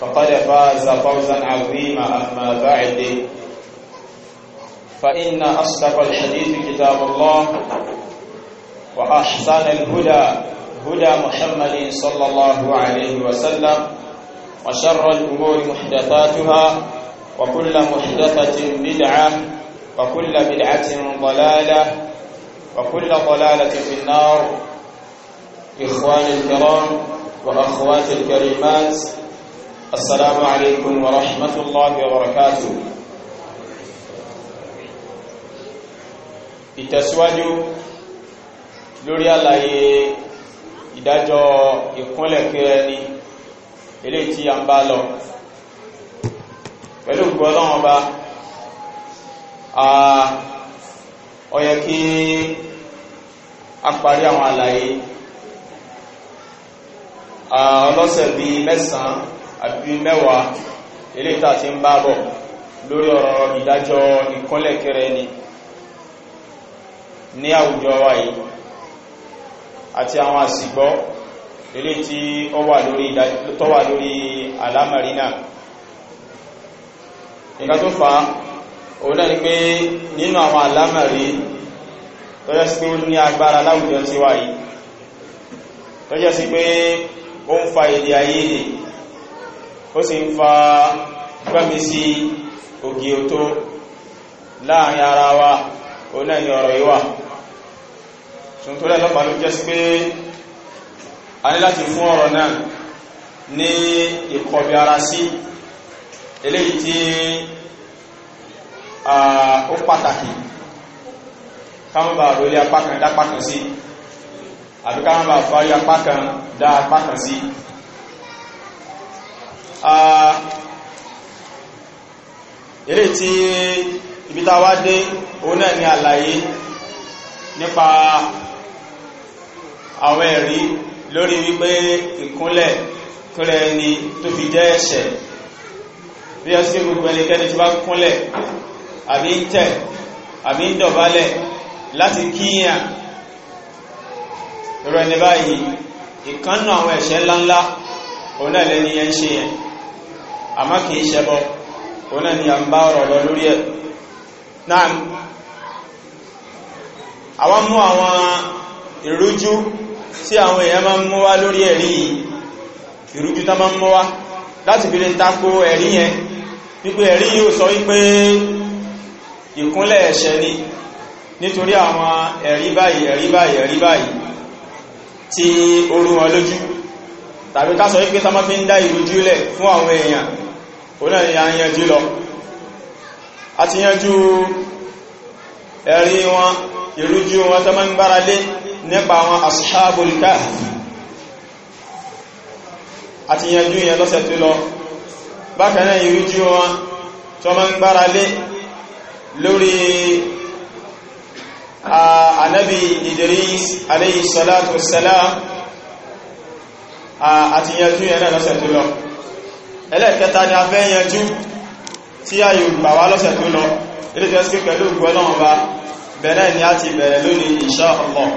فقد فاز فوزا عظيما أما بعد فإن أصدق الحديث كتاب الله وأحسن الهدى هدى محمد صلى الله عليه وسلم وشر الأمور محدثاتها وكل محدثة بدعة وكل بدعة ضلالة وكل ضلالة في النار إخواني الكرام وأخواتي الكريمات السلام عليكم ورحمة الله وبركاته ìtẹ̀síwájú lórí àlàyé ìdájọ́ ìkúnlẹ̀kẹ́ ẹni ilé tí a ń bá lọ pẹ̀lú gbọ́lọ́wọ́n bá a ó yẹ kí a parí àwọn àlàyé ọlọ́sẹ̀ bí mẹ́sàn-án àbí mẹ́wàá eléta ti ń bábọ̀ lórí ọ̀rọ̀ ìdájọ́ ìkọ́lẹ̀kẹrẹ ni ní àwùjọ wa yìí àti àwọn àsìgbọ́ ilé tí ó wà lórí àlámàrí náà ìgbà tó fa òun náà ni pé nínú àwọn àlámàrí tó jẹ́ sí pé ó ní agbára láwùjọ tí wà yìí tó sí pé ó ń fa èdè àìyedè ó sì ń fa gbámi sí ògì òtó láàrin ara wa ó náà ni ọ̀rọ̀ yìí wà ṣùn tó lẹ́lọ́pàá ló jẹ́ sí pé a ní láti fún ọ̀rọ̀ náà ní ìkọ̀bí ara sí eléyìí tí ó pàtàkì kámọ́bà lórí apákan dápákan sí àbí fárí apákan dá apákan sí eré tí ibi tá wá dé òun náà ni àlàyé nípa àwọn ẹ̀rí lórí wípé ìkúnlẹ̀ kúnlẹ̀ ni tó fi jẹ́ ẹ̀ṣẹ̀ bí ọ sí gbogbo ẹnikẹ́ni tí bá kúnlẹ̀ àbí ń tẹ̀ àbí ń dọ̀bálẹ̀ láti kíyàn rẹ̀ ní báyìí ìkánnà àwọn ẹ̀ṣẹ̀ ńláńlá òun náà lẹ́ni yẹn ṣe yẹn àmá kìí ṣẹbọ òun náà ni a ń bá ọ̀rọ̀ lọ lórí ẹ̀ náà àwọn mú àwọn ìrújú tí àwọn èèyàn máa ń mú wá lórí ẹ̀rí ìrújú tá máa ń mú wá láti fi lè tako ẹ̀rí yẹn wípé ẹ̀rí yóò sọ wípé ìkúnlẹ̀ ẹ̀ṣẹ̀ ni nítorí àwọn ẹ̀rí báyìí ẹ̀rí báyìí ẹ̀rí báyìí tí orú wọn lójú tàbí ká sọ wípé tá máa fi ń dá ìrújú lẹ̀ fún àwọn èèyàn òun náà ni a yanjú lọ a ti yanjú ẹ̀rí wọn ìrújú wọn tó mọ́ ń bára lé nípa àwọn ashabul a ti yanjú yẹn lọ́sẹ̀ tó lọ bákan náà ìrújú wọn tó mọ́ ń bára lé lórí ànábì Idris alayhi salatu wassalam àti yanjú yẹn náà lọ́sẹ̀ tó lọ ẹlẹ́ẹ̀kẹta ni a fẹ́ yanjú tí a yóò gbà wá lọ́sẹ̀ tó lọ ilé-ìjọ́ sí pẹ̀lú ògbọ́ ọlọ́run bá bẹ̀rẹ̀ ni a ti bẹ̀rẹ̀ lónìí insha Allah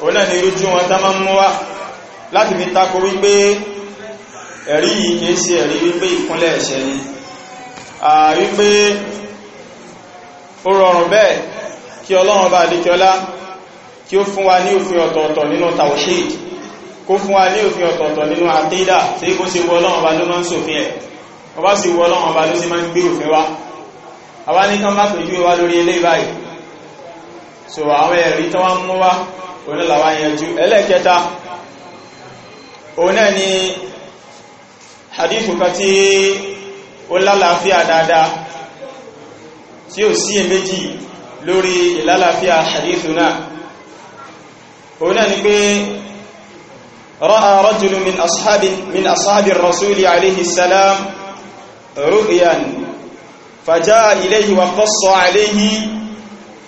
òun náà ni irújú wọn tá máa ń mú wá láti fi tako wípé ẹ̀rí yìí ni a wípé kí ó fún wa ní òfin ọ̀tọ̀ọ̀tọ̀ nínú tawhid kó fún wa ní òfin ọ̀tọ̀ọ̀tọ̀ nínú àtẹ́dà tí kó ṣe wọ́ ọlọ́run ọba ló máa ń ṣòfin ẹ̀ ọba sì wọ́ ọlọ́run ọba ló sì máa ń gbé òfin wa àwa ní kán bá pèjú wa lórí ilé báyìí so àwọn ẹ̀rí tó wá ń mú wá òun làwa yanjú ẹlẹ́ẹ̀kẹta òun náà ni hadithu kan tí ó lálàáfíà dáadáa tí ó sí èméjì lórí ìlálàáfíà hadithu náà رأى رجل من أصحاب من أصحاب الرسول عليه السلام رؤيا فجاء إليه وقص عليه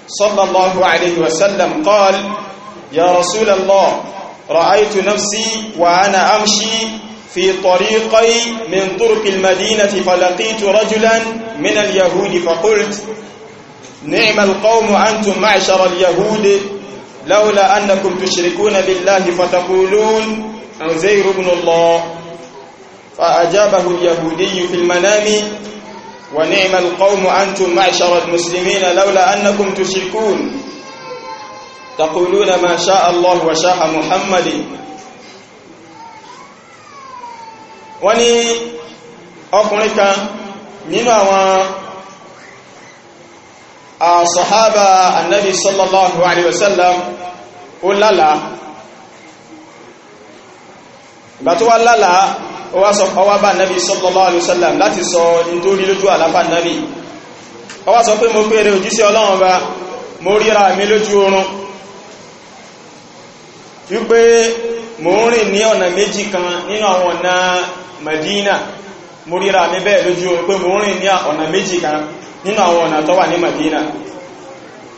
صلى الله عليه وسلم قال يا رسول الله رأيت نفسي وأنا أمشي في طريقي من طرق المدينة فلقيت رجلا من اليهود فقلت نعم القوم أنتم معشر اليهود لولا أنكم تشركون بالله فتقولون عزير بن الله فأجابه اليهودي في المنام ونعم القوم أنتم معشر المسلمين لولا أنكم تشركون تقولون ما شاء الله وشاء محمد وني ní ọkùnrin sọ̀hábà annabi sallallahu alaihi wasallam ó lálà ìgbà tó wá lálà ó wá sọ ọwá bá annabi sallallahu alaihi wasallam láti sọ nítorí lójú àlápá annabi ó wá sọ pé mo pèrè òjíṣẹ́ ọlọ́run bá mo ríra mi lójú oorun wípé mo ń rìn ní ọ̀nà méjì kan nínú àwọn ọ̀nà Madina mo ríra mi bẹ́ẹ̀ lójú oorun pé mo rìn ní ọ̀nà méjì kan nínú àwọn ọ̀nà tó wà ní Madina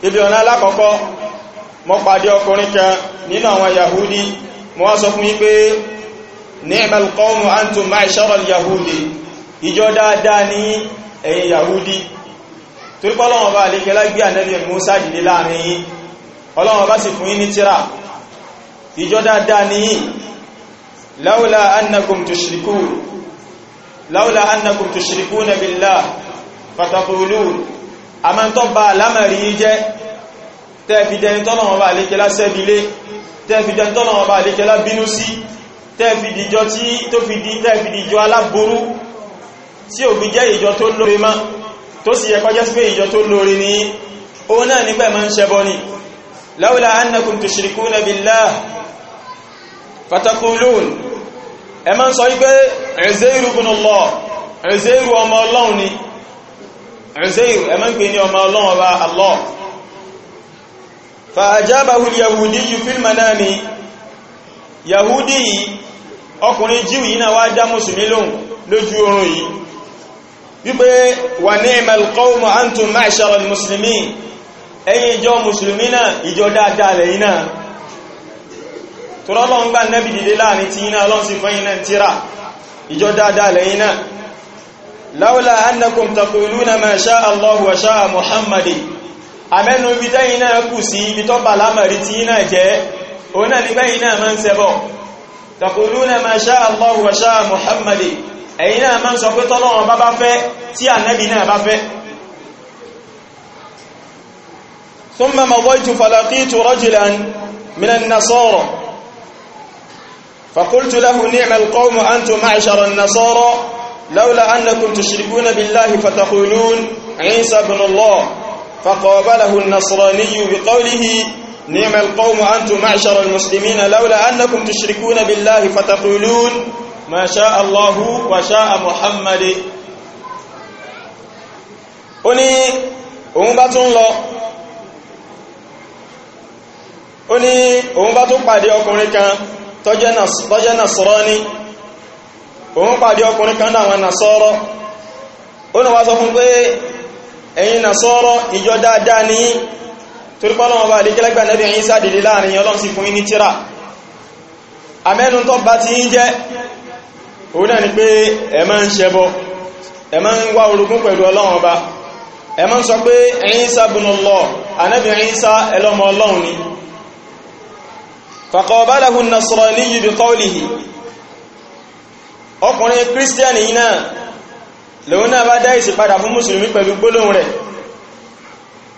ibi ọ̀nà alákọ̀ọ́kọ́ mọ́ pàdé ọkùnrin kan nínú àwọn Yahudi mọ́ wá sọ fún mi pé ni'mal qawmu antum ma'shara al-yahudi ìjọ dáadáa ní ẹ̀yin Yahudi لولا أنكم تشركون لولا أنكم تشركون بالله fàtàkùrùlùn a máa ń tọ́ bá alámàrí jẹ́ tẹ́ẹ̀fìdẹni tọ́nà ọba àlékẹ́lá sẹ́bílé tẹ́ẹ̀fìdẹni tọ́nà ọba àlékẹ́lá bínú sí tẹ́ẹ̀fìdìjọ tí tó fi di tẹ́ẹ̀fìdìjọ aláború tí ò fi jẹ́ ìjọ tó lóore má tó sì yẹ kọjá sí ìjọ tó lóore ní òun náà nígbẹ̀ máa ń ṣẹbọ ni lawla annakum tushrikuna billah fatakulun ẹ máa ń sọ wípé Uzairu ibn Allah Uzairu ọmọ Ọlọ́run ni Uzayr ẹ máa ń pè ní ọmọ Ọlọ́run ọba Allah fa ajabahu al-yahudi fil manami yahudi yìí ọkùnrin jíù yìí náà wá dá mùsùlùmí lóhùn lójú oorun yìí wípé wa ni'mal qawmu antum ma'shara al-muslimin ìjọ mùsùlùmí náà ìjọ dáadáa lẹ́yìn náà لولا أنكم تقولون ما شاء الله وشاء محمد àmẹ́nu ibi tẹ́yìn náà kù sí ibi tó bà lámàrí tí náà jẹ́ òun náà nígbẹ́ iná máa ń sẹ́bọ̀ تقولون ما شاء الله وشاء محمد ẹ̀yin náà máa ń sọ pé tọ́lọ́wọ́n bá bá fẹ́ tí ànábì náà bá fẹ́ ثم مضيت فلقيت رجلا من النصارى فقلت له نعم القوم أنتم معشر النصارى لولا أنكم تشركون بالله فتقولون عيسى بن الله فقابله النصراني بقوله نعم القوم أنتم معشر المسلمين لولا أنكم تشركون بالله فتقولون ما شاء الله وشاء محمد ó ní òun bá tún lọ ó ní òun bá tún pàdé ọkùnrin kan tó jẹ́ Nasrani òun pàdé ọkùnrin kan náà wọn nàṣọ́rọ́ ó náà wá sọ fún pé na nàṣọ́rọ́ ìjọ dáadáa ní torípọ́lọ́ wọn bá lékẹ́lẹ́gbà nẹ́bí ẹ̀yin sáàdìdì láàrin ọlọ́run sì fún yín ní tíra ti ń jẹ́ òun náà ni pé ẹ máa ń sọ pé sá ẹlọ́mọ ni ọkùnrin kírísítíẹ̀nì yìí náà lòun náà bá dá ìsì padà fún mùsùlùmí pẹ̀lú gbólóhùn rẹ̀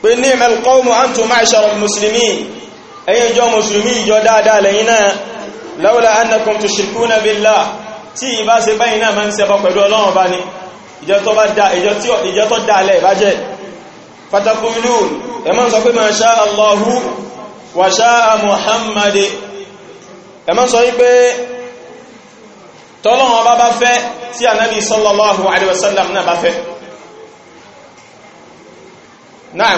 pé ní mẹ́lùkọ́ọ̀mù antum ma'sharal mùsùlùmí ẹ̀yin ìjọ mùsùlùmí ìjọ dáadáa lẹ́yìn náà lawla annakum tushrikuna billah tí ìbá ṣe báyìí náà máa ń ṣẹbọ pẹ̀lú ọlọ́run bá ní ìjọ tó dáalẹ̀ ìbájẹ́ fatakulun ẹmọ́ sọ pé ma sha Allahu wa sha Muhammad ẹmọ́ sọ wípé tọ́lọ́wọ́n bá bá fẹ́ tí ànábì sallallahu alaihi wasallam náà bá fẹ́ náà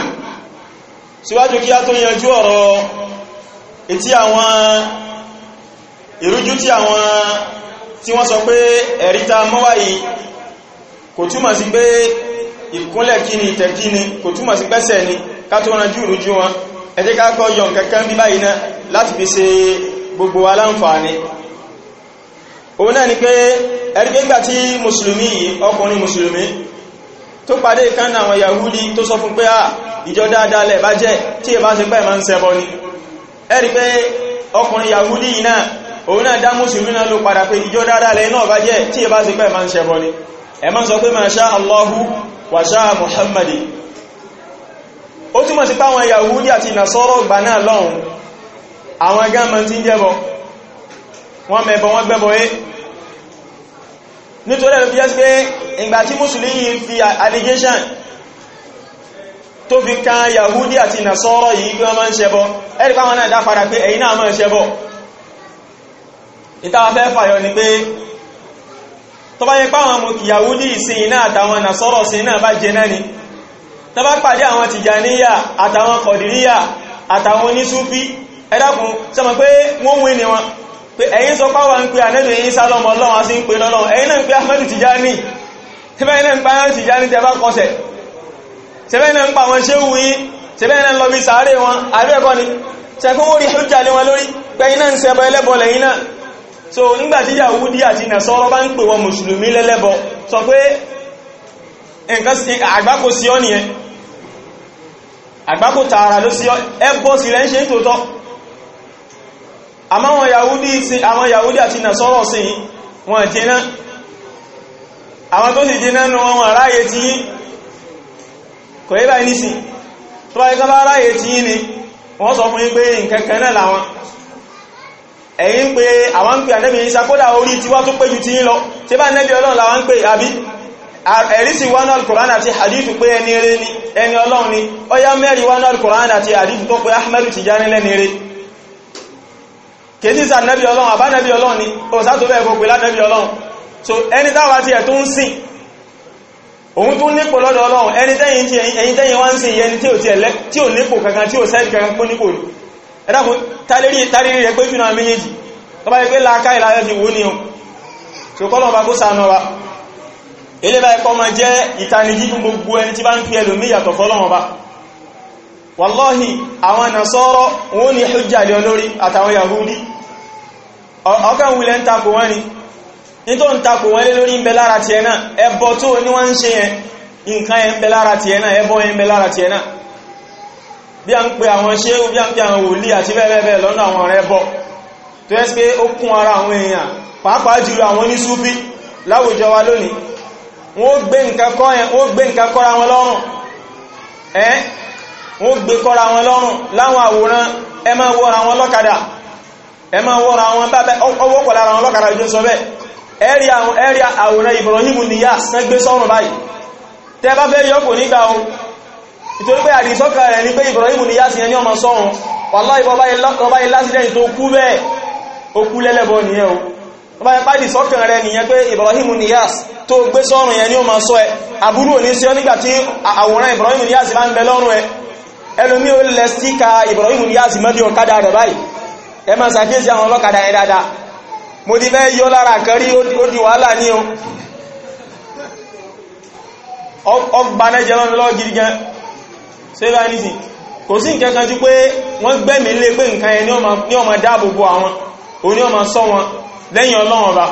síwájú kí a tó yanjú ọ̀rọ̀ ètí àwọn ìrújú tí àwọn tí wọ́n sọ pé ẹ̀ríta mọ́wàí kò túmọ̀ sí pé ìkúnlẹ̀ kíni tẹ̀kíni kò túmọ̀ sí pẹ́sẹ̀ ni ká tó ranjú ìrújú wọn ẹ̀dẹ́ká kọ́ yọ̀ kẹ́kẹ́ bí báyìí náà láti fi ṣe gbogbo aláǹfààní òun náà ni pé ẹ̀rígbégbà tí mùsùlùmí yìí ọkùnrin mùsùlùmí tó pàdé ìkánná àwọn yahudi tó sọ fún pé à ah, ìjọ dáadáa lẹ̀ bá jẹ́ tí ìbá ṣe pẹ́ ma ń ṣẹbọ ni ẹ̀rí pé ọkùnrin yahudi yìí náà òun náà dá mùsùlùmí náà ló padà pé ìjọ dáadáa lẹ̀ náà bá jẹ́ tí ìbá allahu wa muhammadi ó túmọ̀ sí yahudi àti nasọ́rọ̀ gbà náà lọ́hùn àwọn wọ́n mẹ́bọ wọ́n gbẹ́bọ é eh? nítorí ẹ̀rọ fíjẹ́ sí pé ìgbà tí mùsùlùmí fi allegation tó fi kan yahudi àti nasọ́rọ̀ yìí bí wọ́n máa ń ṣẹbọ ẹ̀rí pàwọn náà dáfara pé ẹ̀yin náà máa ń ṣẹbọ ìtawà fẹ́ fàyọ ni pé tó bá yẹ pàwọn yahudi sí iná àtàwọn nasọ́rọ̀ sí iná bá jẹ náà ni tó bá pàdé àwọn tìjàníyà àtàwọn kọ̀dìríyà àtàwọn onísúfí ẹ̀dàkùn sọmọ pé wọ́n wí pé ẹ̀yin sọ pàwà ń pè ànẹ́bì yìí sá lọ́mọ ọlọ́run a sì ń pè lọ́lọ́run ẹ̀yin náà ń pè Ahmadu Tijani tẹ́bẹ̀ẹ́ náà ń pa Ahmadu Tijani tẹ́ bá kọsẹ̀ tẹ́bẹ̀ẹ́ náà ń pa wọn ṣé wù yín tẹ́bẹ̀ẹ́ náà ń lọ bí sàárè wọn àbẹ́ẹ̀kọ́ ni tẹ́kún ó rí hujja lé wọn lórí pé iná ń ṣẹbọ ẹlẹ́bọ lẹ́yìn náà so nígbà tí Yahudi àti Nasara bá ń pè wọn mùsùlùmí lẹ́lẹ́bọ sọ pé nǹkan sí àgbákò sí ọ nìyẹn àgbákò tààrà ló sí ọ ẹbọ sí lẹ́ ń ṣe àmọ́ àwọn yahudi sí àwọn yahudi àti nàṣọ́rọ̀ sí wọn jẹ́nà àwọn tó sì jẹ́nà ní wọn ráyẹ tí yí kò yí báyìí nísìn tó bá ikọ́ bá ráyẹ tí yí ni wọ́n sọ fún yín pé nkẹ́kẹ́ náà làwọn ẹ̀yin pé àwọn ń pè ànẹ́bì yìí sakódà orí tiwa tó péjú tí yí lọ tí bá nẹ́bì ọlọ́run làwọn ń pè àbí ẹ̀rí sí wánà al-Qur'an àti hadithu pé ẹni ọlọ́run ni ó yá mẹ́rin wánà al-Qur'an àti hadithu tó pé Ahmadu Tijani lẹ́ni rẹ̀ kèsí sà nẹ́bí ọlọ́run àbá nẹ́bí ọlọ́run ni òsá tó bẹ́ẹ̀ gbogbo lánẹ́bí ọlọ́run so ẹni táwà tí ẹ̀ tó ń sìn òun tó nípò lọ́dọ̀ ọlọ́run ẹni tẹ́yìn tí ẹ̀yìn tẹ́yìn wá ń sìn yẹni tí ò ti ẹ̀lẹ́ tí ò nípò kankan tí ò sẹ́ẹ̀dì kankan pó nípò ní ẹ̀dàkùn tárírí rẹ̀ pé jùnà o so kọ́lọ̀ bá kó sànà wa ilé bá ẹkọ́ ma jẹ́ ìtanijí fún gbogbo ẹni tí bá ń wallahi àwọn nàṣọ́rọ̀ wọn ni hujja lé lórí àtàwọn yahudi ọkàn wulẹ̀ ń takò wọ́n ni nítò ń takò wọ́n lé lórí ń na lára tiẹ̀ náà ẹbọ tó ní wọ́n ń ṣe yẹn nǹkan yẹn ń lára tiẹ̀ náà ẹbọ yẹn ń lára tiẹ̀ náà bí a ń pe àwọn ṣéhù bí a ń pe àwọn wòlíì àti bẹ́ẹ̀bẹ́ẹ̀ lọ́nà àwọn ọ̀rẹ́ bọ̀ tó yẹ́ pé ó kún ara àwọn èèyàn pàápàá jùlọ àwọn oníṣúbí láwùjọ wa lónìí wọ́n gbé nǹkan kọ́ra wọn lọ́rùn ẹ́ wọ́n gbé kọ́ra ẹ máa wọ́ra wọn bábẹ́ ọwọ́ pẹ̀lú ara wọn lọ́kàrà ìjọ sọ bẹ́ ẹ̀rí àwòrán Ibrahim Niyas sẹ́gbé sọ́rùn báyìí tẹ́ bá yọ́kù nígbà o ìtorí pé àdìsọ́kà rẹ̀ ní pé Ibrahim Niyas yẹn ní ọmọ sọ́rùn wàláhì bọ́bá ilásídẹ̀ntì tó kú bẹ́ẹ̀ ó kú lẹ́lẹ́bọ nìyẹn o ọba ẹ̀pá ìdìsọ́kàn rẹ̀ nìyẹn pé Ibrahim Niyas tó gbé sọ́rùn yẹn ní ọmọ sọ ẹ àbúrò ní sí ọ nígbà tí àwòrán Ibrahim ẹ máa ṣàkíyèsí àwọn ọlọ́kadà yẹn dáadáa mo ti fẹ́ yọ lára kan ó di wàhálà ní o ọgbanẹ́jẹ lọ́nà lọ́wọ́ gidi gan ṣé bá ní sìn kò sí nǹkan kan ju pé wọ́n gbẹ̀mí lé pé nǹkan yẹn ní ọmọ dáàbò bo àwọn òun ọmọ sọ wọn lẹ́yìn ọlọ́run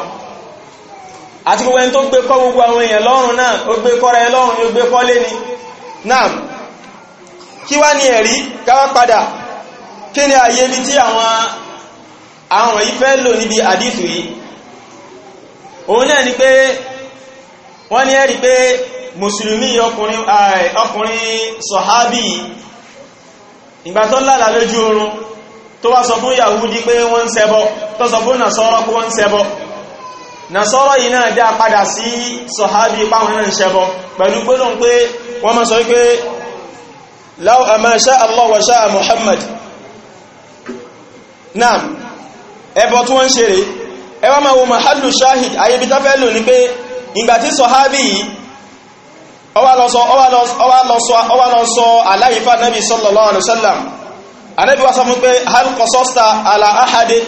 àti gbogbo ẹni tó gbé kọ́ gbogbo àwọn èèyàn lọ́rùn náà ó gbé kọ́ra ẹ lọ́rùn ni ó gbé kọ́ lé ni náà kí wá ní ẹ̀rí káwá padà kí ni àyè bí tí àwọn àwọn wọ̀nyí fẹ́ lò níbi àdísù yìí òun náà ni pé wọ́n ní ẹ̀rí pé mùsùlùmí ọkùnrin ọkùnrin sọ̀hábì ìgbà tó lálà lójú oorun tó wá sọ fún Yahudi pé wọ́n ń ṣẹbọ tó sọ fún nàṣọ́rọ́ pé wọ́n ń ṣẹbọ nàṣọ́rọ́ yìí náà dá padà sí sọ̀hábì páwọn náà ń pẹ̀lú pé wọ́n sọ láwọn àmà ṣá Muhammad náà ẹbọ tí wọ́n ń ṣe rèé ẹ wá máa wo mahalu shahid ayébi tá fẹ́ lò ní pé ìgbà tí sọ̀hábì yìí ó wá lọ sọ ó wá lọ sọ ó wá lọ sọ aláyífà nábì sallallahu alaihi wasallam anábì wá sọ fún pé halqasasta ala ahade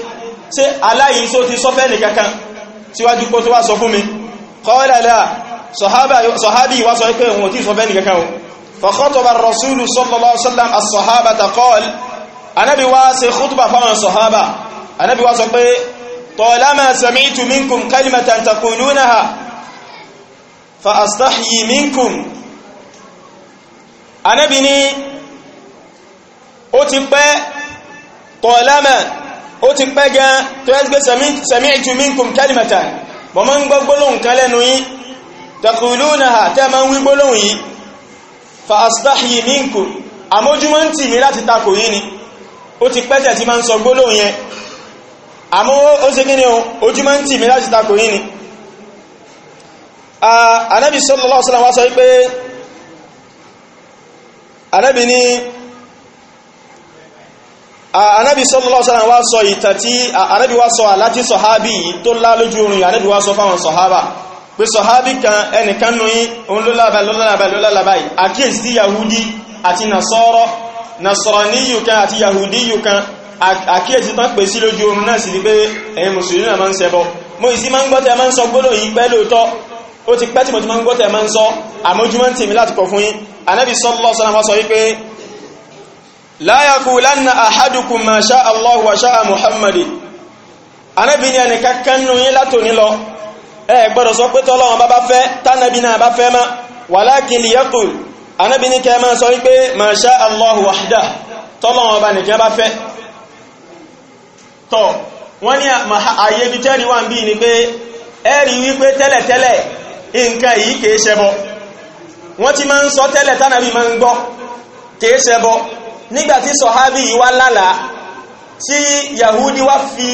ṣé aláyìí tó ti sọ fẹ́ tí sọ fẹ́ nìkankan o fa khataba ar-rasulu sallallahu anábi wá ṣe khutba fáwọn sọ̀hábà anábi wá sọ pé tọ́lámà sami'tu minkum kalimatan taqulunaha fa astahyi minkum anábi ni ó ti pẹ́ tọ́lámà ó ti pẹ́ gan tó ẹ́sgbé sami'tu minkum kalimatan bọ̀ mọ́ ń gbọ́ gbólóhùn kan lẹ́nu yìí taqulunaha tẹ́ ma ń wí gbólóhùn yìí fa astahyi minkum àmójúmọ́ ń tì mí láti takò yìí ni ó ti pẹ́tẹ̀ tí máa ń sọ gbólóhùn yẹn àmọ́ ó ṣe kí ni o ojú máa ń tì mí láti takò yìí ni anábì sallallahu alaihi wasallam wá sọ wípé anábì ní anábì sallallahu alaihi wasallam wá sọ ìtàn tí anábì wá sọ aláti sọ̀hábì yìí tó lá lójú oorun yìí anábì wá sọ fáwọn sọ̀hábà pé sọ̀hábì kan ẹnìkan nù yín òun lólàbà lólàbà lólàbà yìí àkíyèsí yahudi àti nasọ́rọ́ nasaraniyu kan àti yahudiyu kan àkíyèsí tán pè sí lójú oorun náà sì ni pé ẹ̀yin mùsùlùmí náà máa ń ṣẹbọ mo ì sí máa ń gbọ́ tẹ́ máa ń sọ gbọ́dọ̀ yìí pẹ́ lóòótọ́ ó ti pẹ́ tí mo ti máa ń gbọ́ tẹ́ máa ń sọ àmójúmọ́ ń tèmi láti kọ̀ fún yín anábì sallallahu anábi ní kẹ́ máa sọ wípé ma ṣá allahu wahda tọ́lọ́wọ́n ọba nìkan bá fẹ́ tọ́ wọ́n ní àyè bí tẹ́rì wà ń bí ni pé ẹ̀rí wípé tẹ́lẹ̀tẹ́lẹ̀ nǹkan yìí kìí ṣẹbọ wọ́n ti máa ń sọ tẹ́lẹ̀ tánàbí máa ń gbọ́ kìí ṣẹbọ nígbàtí sọ̀hábì yìí wá lálàá tí yahudi wá fi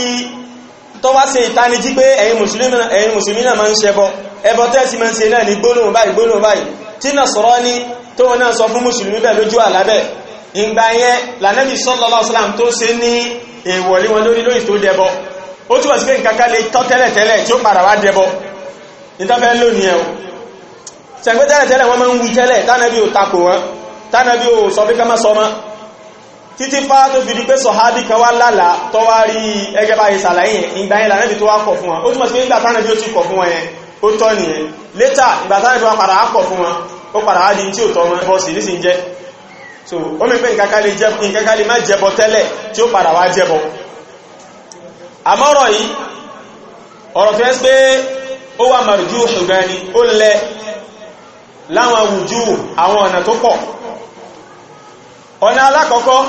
tó wá ṣe ìtanijí pé ẹ̀yin mùsùlùmí náà máa ń ṣẹbọ ẹbọ tẹ́ẹ̀sì máa ń ṣe náà ní gbólóhùn báyìí gbólóhùn báyìí tí Nasrani tó wọn náà sọ fún mùsùlùmí bẹ́ẹ̀ lójú àlábẹ́ ìgbà yẹn lànàbì sallallahu alaihi wasallam tó ṣe ní èèwọ̀lé wọn lórí lóyìn tó dẹbọ ó túnmọ̀ sí pé nǹkan ká lè tọ́ tẹ́lẹ̀tẹ́lẹ̀ tí ó padà wá dẹbọ ìtafẹ́ lónìí ẹ̀ sẹ̀gbẹ́ tẹ́lẹ̀tẹ́lẹ̀ wọ́n máa ń wí tẹ́lẹ̀ tánàbí ò takò wọn tánàbí ò sọ pé ká má sọ mọ́ títí fá ó tọ́ nìyẹn létà ìgbàtàrí tó wá padà ápọ̀ fún wọn ó padà á di tí tọ́ wọn ẹbọ sì nísìn jẹ́ so ó mẹ́ pé nǹkankan lè má jẹbọ tẹ́lẹ̀ tí ó padà wá jẹbọ àmọ́rọ̀ yìí ọ̀rọ̀ fẹ́ pé ó wà màrùjú ṣùgbọ́n ni ó lẹ láwọn wùjú àwọn ọ̀nà tó pọ̀ ọ̀nà alákọ̀ọ́kọ́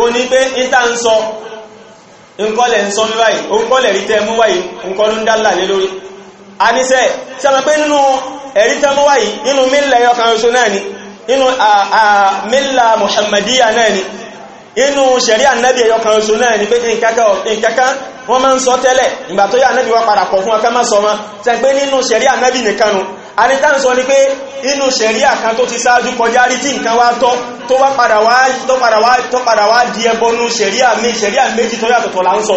ó ní pé ìta ń sọ nǹkọ́lẹ̀ ń a níṣẹ́ sẹ́mọ̀ pé nínú ẹ̀rí tẹ́mọ́wá yìí nínú mílà ẹyọkan oṣù náà ni nínú mílà muhammadiyya náà ni inú ṣẹ̀rí ànábì ẹyọkan oṣù náà ni pé nǹkankan wọ́n máa ń sọ tẹ́lẹ̀ ìgbà tó yá ànábì wá padà pọ̀ fún ọkà má sọ wọn sẹ́ pé nínú ṣẹ̀rí ànábì nìkanu a ní táà ń sọ ni pé inú ṣẹ̀rí àkan tó ti sáájú kọjá rí tí nǹkan wá tọ́ tó padà wá di ẹbọnú ṣẹ̀rí àmì ṣẹ̀rí àmì méjì tó yàtọ̀tọ̀ là ń sọ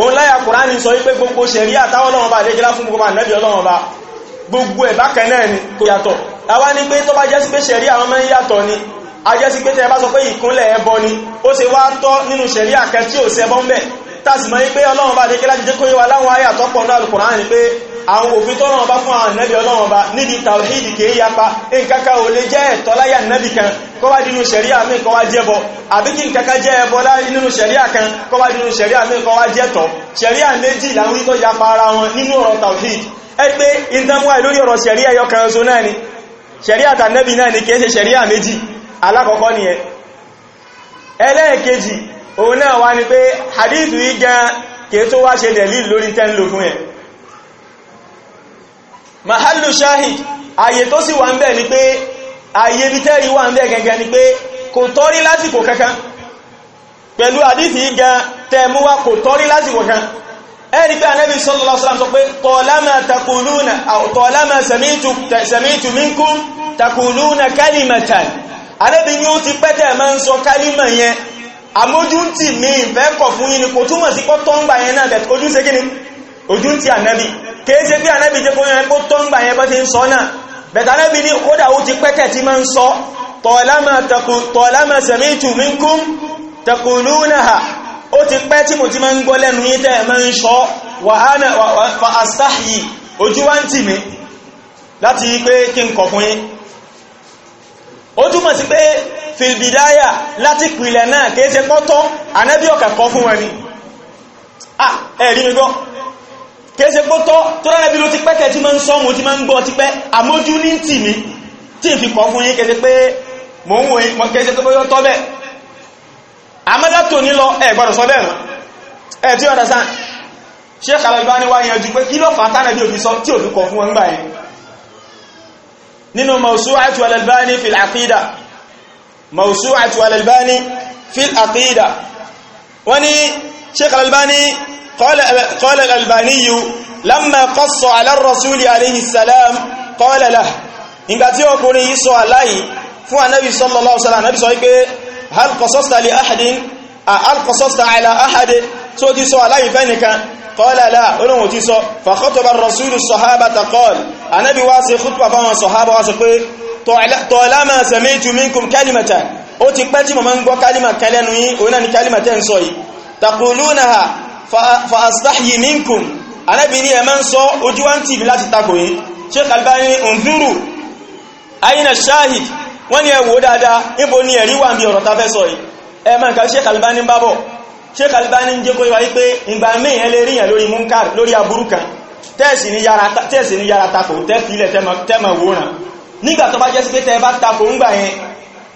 òun láyà kùránì sọ wípé gbogbo ṣẹ̀rí àtàwọn ọlọ́wọ́n bá lẹ́gẹ́lá fún gbogbo ànẹ́bí ọlọ́wọ́n bá gbogbo ẹ̀ bákan náà ni kò yàtọ̀ àwa ní pé tó bá jẹ́ sí pé ṣẹ̀rí àwọn máa yàtọ̀ ni a jẹ́ sí pé tẹ́ bá sọ pé ìkúnlẹ̀ ẹbọ ni ó ṣe wá tọ́ nínú ṣẹ̀rí àkẹ́ tí ò ṣẹbọ ń bẹ̀ tásìmọ̀ yí pé ọlọ́run bá dékẹ́ láti jẹ́ kó yé wa láwọn ayà tó pọ̀ náà Al-Qur'an ni pé àwọn òfin tó náà bá fún àwọn ànábì ọlọ́run bá nídi tàwíìdì kìí yapa nǹkankan ò lè jẹ́ ẹ̀tọ́ láyà ànábì kan kó wá dínú ṣẹ̀ríà mi kó wá jẹ́bọ àbí kí nǹkankan jẹ́ ẹbọ nínú ṣẹ̀ríà kan kó wá dínú ni ṣẹ̀ríà tànábì náà ni kìí ṣe ṣẹ̀ríà méjì alákọ̀ọ́kọ́ nìyẹn ẹlẹ́ẹ̀kejì òun náà wá ní pé hadith yìí gan kìí tó wá ṣe dẹ̀lìl lórí tẹ́ń lò fún ẹ̀ mahallu shahid ayé tó sì wà ń bẹ̀ ni pé ayé bí tẹ́rì wà ń bẹ̀ gẹ́gẹ́ ni pé kò tọ́rí lásìkò kankan pẹ̀lú hadith yìí gan tẹ́mú wá kò tọ́rí lásìkò kankan ẹni pé anẹ́bí sallallahu àmójúntì mi ìfẹ́ kọ̀ fún ni kò túmọ̀ sí kó tọ́ǹgbà yẹn náà bẹ̀t ojú ṣe kíni ojúntì ànábì kìí ṣe bí ànábì jẹ́ kó yẹn kó tọ́ǹgbà yẹn bá ti ń sọ náà kódà ó ti pẹ́kẹ̀ tí máa ń sọ tọ̀ọ̀lámà sẹ̀mìtù minkum ti mo ti ma fìbìdáyà láti pìlẹ̀ náà kìí ṣe pọ́tọ́ ànábì ọ̀kàkọ́ fún wọn ni ah ẹ̀rí mi gbọ́ kìí ṣe pọ́tọ́ tó rárẹ́bí ló ti pẹ́kẹ̀ tí ma ń sọ mo ti ma ń gbọ́ ti pẹ́ àmójú ní tì mí tí n fi kọ́ fún yín kìí ṣe pé mò ń wò yín mọ̀ kìí ṣe pé bóyá tọ́ bẹ́ẹ̀ àmọ́lá tò ní lọ ẹ̀ gbọ́dọ̀ sọ bẹ́ẹ̀ mọ́ ẹ̀ tí ọ̀dà sàn Sheikh Al-Albani wá yanjú pé kí ló fà tánàbí òfin sọ tí òfin موسوعة الألباني في العقيدة وني شيخ الألباني قال قال الألباني لما قص على الرسول عليه السلام قال له إن قد يكون يسوع علي فهو النبي صلى الله عليه وسلم النبي صلى هل قصصت على لأحد هل قصصت على أحد سوى يسوع علي فنكا قال لا أولو تيسو فخطب الرسول الصحابة قال النبي واسي خطبة فهو الصحابة واسي tọ̀ọ̀lámà sami'tu minkum kalimatan ó ti pẹ́ tí mo máa ń gbọ́ kálímà kẹlẹ́nu yí òun náà ni kálímà tẹ́ ń sọ yìí taqulunaha fa astahyi minkum anábì ní ẹ̀mẹ́ ń sọ ojú wá ń tìbí láti takò yìí Sheikh Albani unzuru ayna shahid wọ́n ni ẹwò dáadáa níbo ni ẹ̀rí wà bí ọ̀rọ̀ tafẹ́ sọ yìí ẹ̀mẹ́ nǹkan Sheikh yára takò tẹ́ẹ̀fì ilẹ̀ tẹ́mà wòrán nígbà tó bá jẹ́ sí pé tẹ́ bá tako ń gbà yẹn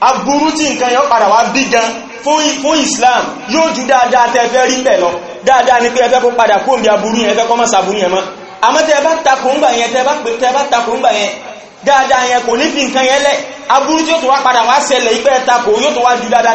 aburú tí nǹkan yẹn padà wá bí gan fún Islam yóò ju dáadáa tẹ́ fẹ́ rí bẹ̀ lọ dáadáa ni pé ẹ fẹ́ kó padà kó omi aburú yẹn ẹ fẹ́ kó má sàbúrú yẹn mọ́ àmọ́ tẹ́ bá tako ń gbà yẹn tẹ́ bá tako ń gbà yẹn dáadáa yẹn kò ní fi nǹkan yẹn lẹ̀ aburú tí ó tó wá padà wá ṣẹlẹ̀ ipẹ́ tako yóò tó wá ju dáadáa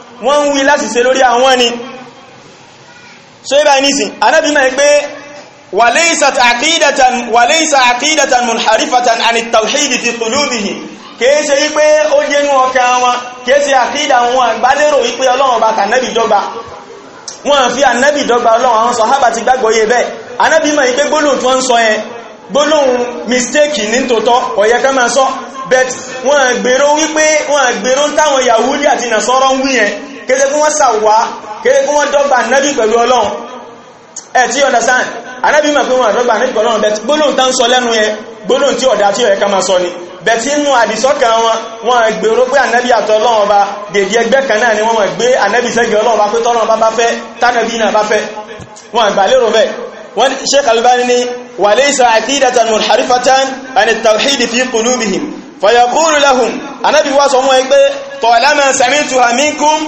wọ́n ń wí láti ṣe lórí àwọn ni so ibà nísìn anábì máa pé walaysat aqidatan walaysa aqidatan munharifatan anit tawhid fi qulubihim kìí ṣe wípé ó jẹ́nú ọkà wọn kìí ṣe àkídà wọn àgbálérò wípé ọlọ́run bá kànẹ́bì dọ́gba wọn fi ànẹ́bì dọ́gba ọlọ́run àwọn sọ̀hábà ti gbàgbọ́ yé bẹ́ẹ̀ ànẹ́bì mọ̀ wípé gbólóhùn tó ń sọ yẹn gbólóhùn mistake ní tòótọ́ ọ̀yẹ́ ká máa sọ bet wọn gbèrò wípé wọn gbèrò táwọn Yahudi àti Nasara ń wí yẹn kéde kí wọ́n sàwá kéde kí wọ́n dọ́gba ànábì pẹ̀lú ọlọ́run ẹ̀ tí understand ànábì mọ̀ pé wọ́n dọ́gba ànábì pẹ̀lú ọlọ́run bẹ̀t gbólóhùn tán sọ lẹ́nu yẹn gbólóhùn tí ọ̀dà tí ó yẹ ká máa sọ ni bẹ̀tí inú àdìsọ́kàn wọn wọn gbèrò pé ànábì àtọ ọlọ́run ọba dèdè ẹgbẹ́ kan náà ni wọ́n gbé ànábì sẹ́gbẹ̀ ọlọ́run ọba pé tọ́lọ́run bá bá fẹ́ tánàbí náà lahum anábi wá sọ mọ́ ẹgbẹ́ tọ̀lámà sàmìtù àmínkún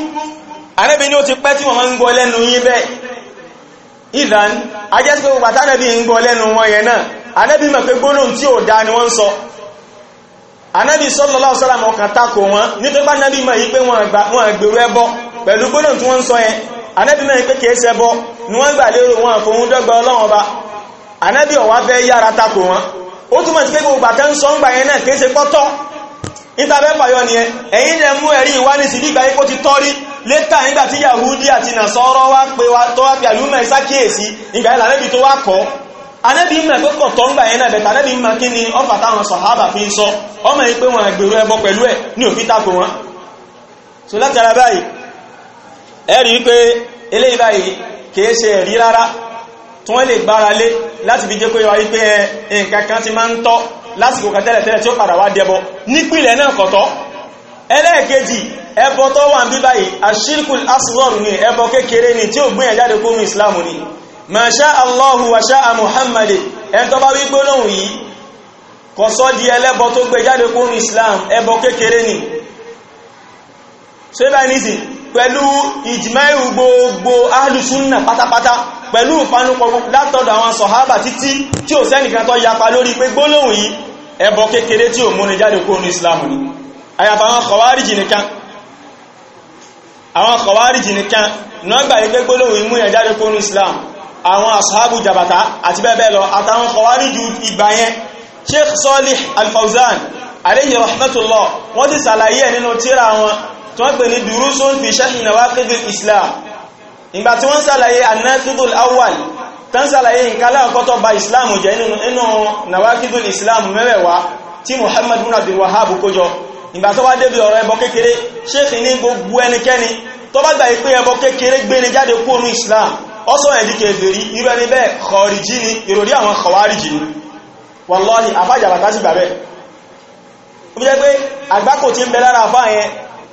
anábi ní ó ti pẹ́ tí wọ́n ń gbọ́ lẹ́nu yín bẹ́ẹ̀ ìdán ajẹ́síkò pàtàkì ń gbọ́ lẹ́nu wọn yẹn náà anábi mọ̀ pé gbónà tí ò dá ni wọ́n sọ anábi sallallahu alaihi wasallam ọkàn takò wọn nítorí bá nábi mọ̀ yí pé wọ́n gbèrú ẹbọ pẹ̀lú gbónà tí wọ́n sọ yẹn anábi mọ̀ yí pé kìí ṣẹbọ ni wọ́n gbà lérò wọn nítàbẹ́ pàyọ ni ẹ ẹ̀yìn lẹ mú ẹ̀rí ìwá ní sídí ti tọ́rí létà nígbà tí Yahudi àti Nasara wá pé wa tó wá pé àlúmọ̀ ẹ̀ sákíyèsí ìgbà yẹn lànẹ́bí tó wá kọ́ anẹ́bí mẹ́ pé kọ̀ tọ́ ń yẹn náà bẹ̀tà ni fi tí wọ́n lè gbára lé láti fi jẹ́ kó yọ wípé ẹ nǹkankan ti máa ń tọ́ lásìkò kan tẹ́lẹ̀tẹ́lẹ̀ tí ó padà wá dẹbọ nípìnlẹ̀ náà kọ̀tọ́ ẹlẹ́ẹ̀kejì ẹbọ tó wà ń bí báyìí ashirkul asghar ni ẹbọ kékeré ni tí ó gbé ẹ̀ jáde kúrò islam ni ma sha Allahu wa sha Muhammad ẹn tó bá wí gbólóhùn yìí kò sọ di ẹlẹ́bọ tó gbé jáde kúrò islam ẹbọ kékeré ni ṣé báyìí nísìnyí pẹ̀lú ìjìmẹ́rù gbogbo alùsúnnà pátápátá pẹ̀lú ìpanupọ̀ látọ̀dọ̀ àwọn sọ̀hábà títí tí ò sẹ́nìkan tó yapa lórí pé gbólóhùn yìí ẹbọ kékeré tí ò múni jáde kó ní islamu ni àyàfà àwọn kọwárìjì nìkan àwọn kọwárìjì nìkan nọ́gbà yìí pé gbólóhùn yìí jabata àti bẹ́ẹ̀bẹ́ẹ̀ lọ àtàwọn kọwárìjì ìgbà yẹn sheikh Salih Al-Fawzan alayhi rahmatullah wọ́n ti sàlàyé ẹ̀ nínú tíra tó ń pè ní durusun fi sharhi nawaqidil islam ìgbà tí wọ́n sàlàyé an-naqidul awwal tán sàlàyé ìkálá ọkọ́tọ̀ ba islam jẹ́ nínú nawaqidul islam mẹ́wẹ̀wá tí muhammad bin abdul wahhab kójọ ìgbà tó wá débi ọ̀rọ̀ ẹbọ kékeré ṣéèkì ní gbogbo ẹnikẹ́ni tó bá gbà pé islam ọsọ ẹ̀dí kèfèrí irú ẹni bẹ́ẹ̀ kọ̀ọ̀rìjì ni ìròrí àwọn kọ̀wárìjì ni wallahi àfájàbàtà sì gbà bẹ́ẹ̀ ó fi jẹ́ pé àgbákò tí ń bẹ lára àfáà yẹn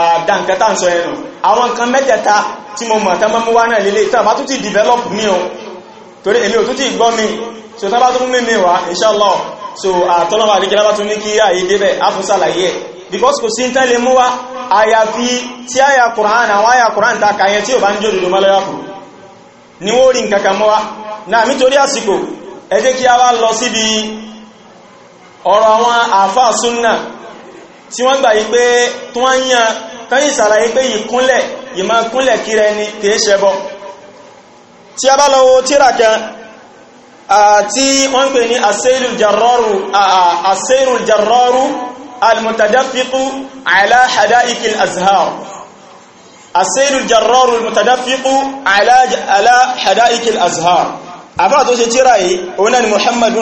àdànkẹ́ ń sọ ẹnu àwọn nǹkan mẹ́tẹ̀ẹ̀ta tí mo mọ̀ tán mọ́mú wá náà lélẹ̀ tán bá tún ti develop ní o torí èmi ò tún ti gbọ́ mi so tán bá tún mímí wá inshallah so àtọ́lọ́wà àríkẹ́ kí a wá lọ síbi ọ̀rọ̀ àwọn àfáà súnnà tí wọ́n gbà yí pé tí wọ́n yàn kányìn sàlàyé pé ìkúnlẹ̀ ìmá kúnlẹ̀ kiri ẹni kìí ṣẹbọ tí a bá lọ wo tíra kan àti wọ́n pè ní asẹ́rùl jarraru almutadafiqu ala hadaikil azhar asẹ́rùl jarraru almutadafiqu ala hadaikil azhar àfáà tó ṣe tíra yìí onan muhammad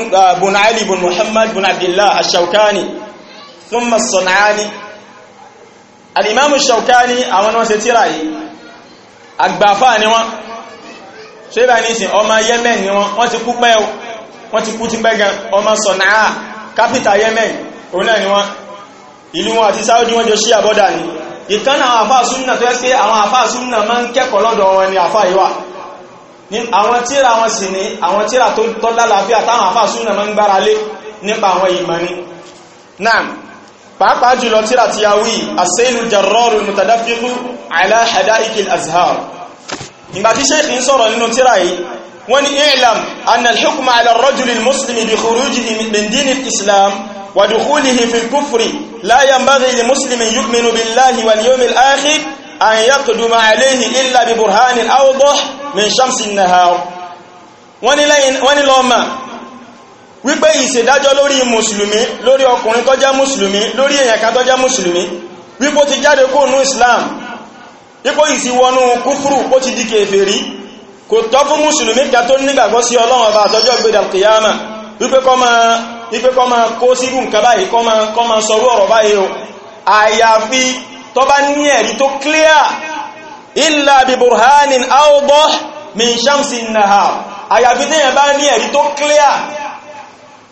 bin ali bin muhammad bin ثم الصنعاني sanani al-Imam ash-Shawkani àwọn ni wọ́n ṣe tíra yìí àgbàfà ni wọ́n ṣe bá ní ìsìn ọmọ Yemen ni wọ́n wọ́n ti kú pẹ́ wọ́n ti kú ti pẹ́ gan ọmọ Sana'a kápítà Yemen òun náà ni wọ́n ìlú wọn àti Saudi wọ́n jọ sí àbọ́dà ni ìkan àwọn àfáà súnnà tó ẹ́ pé àwọn àfáà súnnà máa ń kẹ́kọ̀ọ́ lọ́dọ̀ ni àfáà yìí wà àwọn tíra wọn sì ní àwọn tíra tó tọ́lá láfíà táwọn àfáà súnnà máa ń gbára lé nípa àwọn naam pàápàá jùlọ tíra ti yawí asẹ́lù jarrọ́rù mutadafiku aláhàdá ikil azhar ìgbàtí sheikh ń sọ̀rọ̀ nínú tíra yìí wọ́n ni ilam annal hukuma ala rajulil muslimi bi khurujihi min dinil islam wa dukhulihi fil kufri la yanbaghi li muslimin yu'minu billahi wal yawmil akhir an yaqduma alayhi illa bi burhanin awdah min shamsi nahar wọ́n ni lọ́mà wípé ìṣèdájọ́ lórí mùsùlùmí lórí ọkùnrin tó jẹ́ mùsùlùmí lórí èèyàn kan tó jẹ́ mùsùlùmí wípé ti jáde kó nú islam wípé ìsìwọnú kúfúrù ó ti di kèfèrí kò tọ́ fún mùsùlùmí ká tó nígbàgbọ́ sí ọlọ́run ọba àtọ́jọ́ gbéra kìyàmà wípé kọ́ máa wípé o àyàfi tó bá ní clear illa burhanin awdah min shamsi nahar àyàfi téèyàn bá ní ẹ̀rí tó clear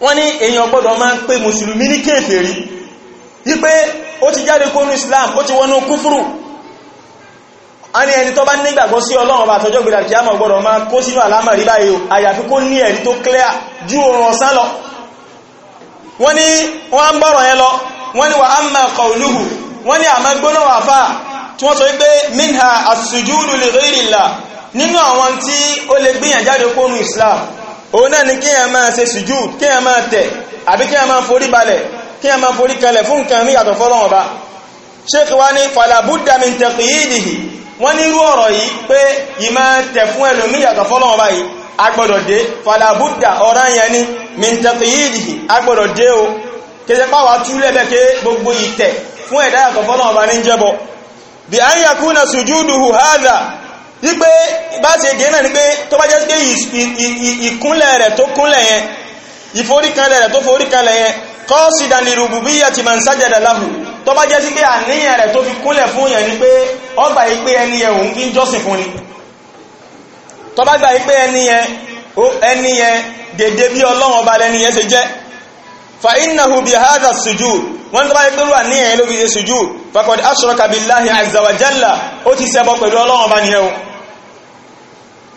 wọ́n ní èyàn gbọ́dọ̀ máa ń pè mùsùlùmí ní kèfèrí wípé ó ti jáde kó ní islam ó ti wọnú kúfúrù a ní ẹni tó bá nígbàgbọ́ sí ọlọ́run bá tọjọ́ gbìdà kíyàmọ̀ gbọ́dọ̀ máa kó sínú àlámà rí báyìí o ní ẹ̀rí tó clear ju oòrùn ọ̀sán lọ wọ́n ní wọ́n ń bọ̀rọ̀ yẹn lọ wọ́n ní wà minha as-sujudu li ghayrillah nínú àwọn tí islam òun náà ni kí ẹ máa ṣe sùjú kí ẹ máa tẹ̀ àbí kí ẹ máa forí balẹ̀ kí ẹ máa forí kalẹ̀ fún nǹkan ní yàtọ̀ fọ́lọ́wọ́n bá ṣéèkì wá ní falabúdà min taqyidihi wọ́n ní irú ọ̀rọ̀ yìí pé yìí máa tẹ̀ fún ẹlòmí yàtọ̀ fọ́lọ́wọ́n bá yìí agbọ́dọ̀ dé falabúdà wípé bá ṣe gẹ́ náà ni pé tó bá jẹ́ pé ìkúnlẹ̀ rẹ̀ tó kúnlẹ̀ yẹn ìforíkanlẹ̀ rẹ̀ tó foríkanlẹ̀ yẹn qasidan li rububiyyati man sajada lahu tó bá jẹ́ sí pé àníyàn rẹ̀ tó fi kúnlẹ̀ fún yẹn ni pé ọgbà yìí pé ẹni yẹn òun fi ń jọ́sìn fún ni tó bá gbà yìí pé ẹni yẹn ẹni yẹn dèdè bí ọlọ́run ọba lẹni yẹn ṣe jẹ́ fa innahu bi hadha sujud wọ́n tó bá yẹ pẹ̀lú àníyàn yẹn ló fi ṣe sujud faqad ashraka billahi azza wa jalla ó ti ṣẹbọ pẹ̀lú ọlọ́run ọba nìyẹn o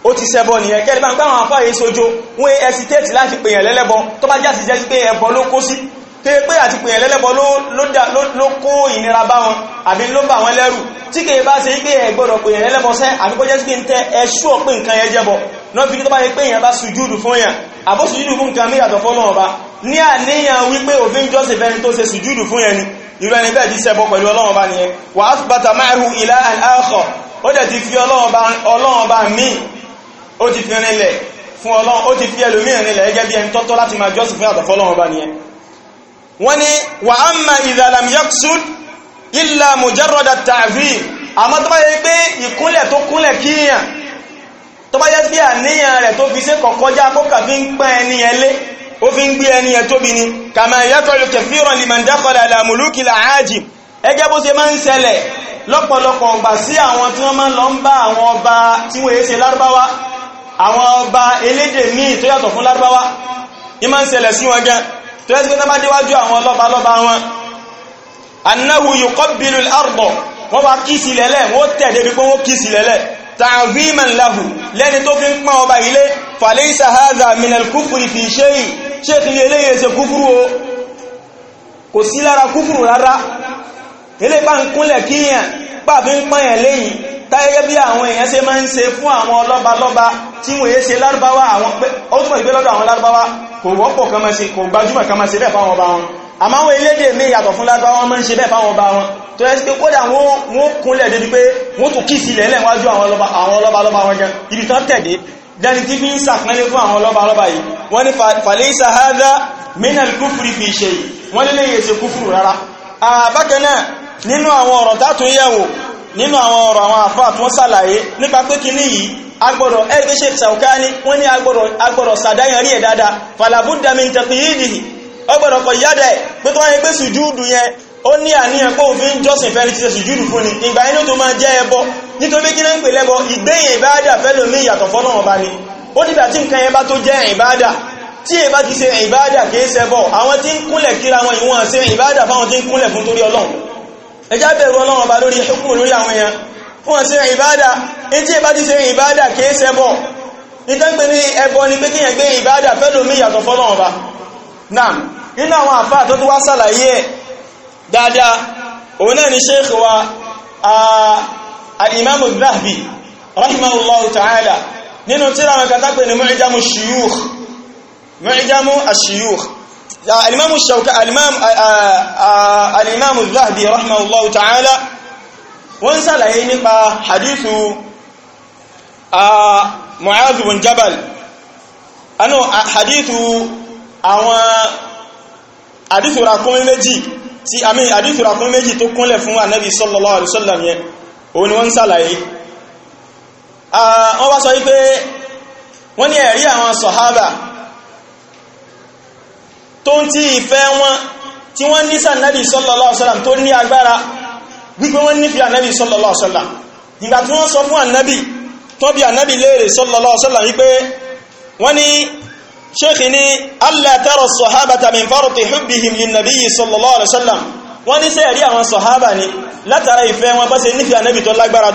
ó ti ṣẹbọ nìyẹn kẹ́lẹ̀ bá ń gbáwọn afáyé sójó wọ́n ẹsitéètì láti pèyàn lẹ́lẹ́bọ tó bá já ti jẹ́ pé ẹbọ ló kó sí tó yẹ pé àti pèyàn lẹ́lẹ́bọ ló kó ìnira bá wọn àbí ló bà wọn lẹ́rù tí kèé bá ṣe pé ẹgbọ́dọ̀ pèyàn lẹ́lẹ́bọ sẹ́ àbí kó jẹ́ sí pé ń tẹ ẹṣú ọ̀pẹ nǹkan yẹn jẹ́bọ náà fi tó bá yẹ pé èèyàn bá sùjúdù fún yàn àbó sùjúdù fún nǹkan mìíràn fọ́lọ́ ọba ní àníyàn wípé òfin jọ́sìn fẹ́ni tó ṣe sùjúdù fún yẹn ni irú ẹni bẹ́ẹ̀ ti ṣẹbọ pẹ̀lú Ọlọ́run ọba nìyẹn wàá bàtà máàrú ìlà àlàáfọ̀ ó dẹ̀ ti fi Ọlọ́run ọba míì ó ti fi rinlẹ̀ fún ọlọ́run ó ti fi ẹlòmí rinlẹ̀ gẹ́gẹ́ bí ẹni tọ́tọ́ láti máa jọ́sìn fún àtọ̀fọ́lọ́run ọba nìyẹn wọ́n ní wà á ma ìdàlàm yaksud ilà mujarrada ta'zim àmọ́ tó bá yẹ pé ìkúnlẹ̀ tó kúnlẹ̀ kíyàn tó bá yẹ pé àníyàn rẹ̀ tó fi ṣe kọ̀kọ́já kókà fi ń pẹ́ ẹni yẹn lé ó fi ń gbé ẹni yẹn tóbi ni kàmà yaqulu kathiran liman dakhala ala muluki al-ajim ẹgẹ́ bó ṣe máa ń ṣẹlẹ̀ lọ́pọ̀lọpọ̀ ọgbà sí àwọn tí wọ́n máa ń lọ bá àwọn ọba tí wọ́n èé ṣe lárúbáwá àwọn ọba elédè míì tó yàtọ̀ fún lárúbáwá ìmá ń ṣẹlẹ̀ sí wọn gan tó yẹ́ sí pé tó bá déwájú àwọn ọlọ́ba lọ́ba wọn annahu yuqabbilu al-ardh wọ́n bá kí sí lẹ́lẹ̀ wọ́n tẹ̀ débi wọ́n kí sí lẹ́lẹ̀ ta'ziman lahu lẹ́ni tó fi ń pọ́n táyẹ́gẹ́ bí àwọn èèyàn ṣe máa ń ṣe fún àwọn ọlọ́balọ́ba tí wọ́n yé ṣe lárúbáwá àwọn pé ó túnmọ̀ ìgbé lọ́dọ̀ àwọn lárúbáwá kò wọ́pọ̀ kan máa ṣe kò gbajúmọ̀ kan máa ṣe bẹ́ẹ̀ fáwọn ọba wọn àmọ́ àwọn elédè mi yàtọ̀ fún lárúbáwá máa ń ṣe bẹ́ẹ̀ fáwọn ọba wọn tó yẹ pé kódà wọ́n kúnlẹ̀ débi pé wọ́n tún kìsì ilẹ̀ lẹ́wájú àwọn ọlọ́balọ́ba wọn gan ibi tán tẹ̀dé dẹni tí fi ń sàpẹ́lé fún àwọn ọlọ́balọ́ba yìí wọ́n ní fàlẹ́sà hádá mínàl kúfùrí fi ṣe yìí wọ́n lè lè yẹ̀ ṣe kúfùrù rárá àbákanáà nínú àwọn ọ̀rọ̀ tátún yẹ̀wò nínú àwọn ọ̀rọ̀ àwọn àfáà tí wọ́n sàlàyé nípa pé kí ní yìí agbọ́dọ̀ ẹgbẹ́ ṣe Ṣaukani wọ́n ní agbọ́dọ̀ sàdáyàn rí ẹ̀ dáadáa falabudda min taqyidihi ọgbọ́dọ̀ kọ̀ yádà ẹ̀ pé tó wáyé pé sùjúdù yẹn ó ní àníyàn pé òfin jọ́sìn fẹ́ni ti ṣe sùjúdù fún ni ìgbà inú tó máa jẹ́ ẹbọ nítorí kí ní ń pè lẹ́bọ ìgbéyìn ni ó dìgbà tí nǹkan yẹn bá tó ti ṣe ìbáadà kìí ṣẹbọ àwọn tí ń kúnlẹ̀ kíra wọn ìwọ̀n ṣe ìbáadà fáwọn tí ń kúnlẹ̀ fún torí Ọlọ́run ẹjá bẹ̀rù ọlọ́run ọba lórí ṣùkú lórí àwọn èèyàn fún ọ̀sẹ̀ ìbádà etí ẹbá ti ṣe ìbádà kìí ṣẹbọ ìtẹ́gbẹ̀ ní ẹbọ ni pé kíyàn gbé ìbádà fẹ́lò mí yàtọ̀ fọ́lọ́run ọba náà nínú àwọn àfá tó tó wá sàlàyé ẹ̀ dáadáa òun náà ni sheikh الإمام الشوكة الإمام الإمام الذهبي رحمه الله تعالى wọ́n sàlàyé nípa hadithu a Mu'adh bin Jabal anú hadithu àwọn hadithu rakúnmí méjì tí àmì hadithu rakúnmí méjì tó kúnlẹ̀ fún Ànábì sallallahu alaihi wasallam yẹn òun wọ́n sàlàyé wọ́n wá sọ wípé wọ́n ní ẹ̀rí àwọn sọ̀hábà tó ń tí ìfẹ́ wọn tí wọ́n ní sàn nẹ́bì sallallahu alaihi wasallam tó ní agbára wípé wọ́n nífẹ̀ẹ́ ànẹ́bì sallallahu alaihi wasallam ìgbà tí wọ́n sọ fún ànẹ́bì tó bí ànẹ́bì léèrè sallallahu alaihi wasallam wípé wọ́n ní ṣéèkì ní alla tara as-sahabata min farti hubbihim lin-nabiyyi sallallahu alaihi wasallam wọ́n ní sẹ́ẹ̀rí àwọn sọ̀hábà ni látara ìfẹ́ wọn bá ṣe nífẹ̀ẹ́ ànẹ́bì tó lágbára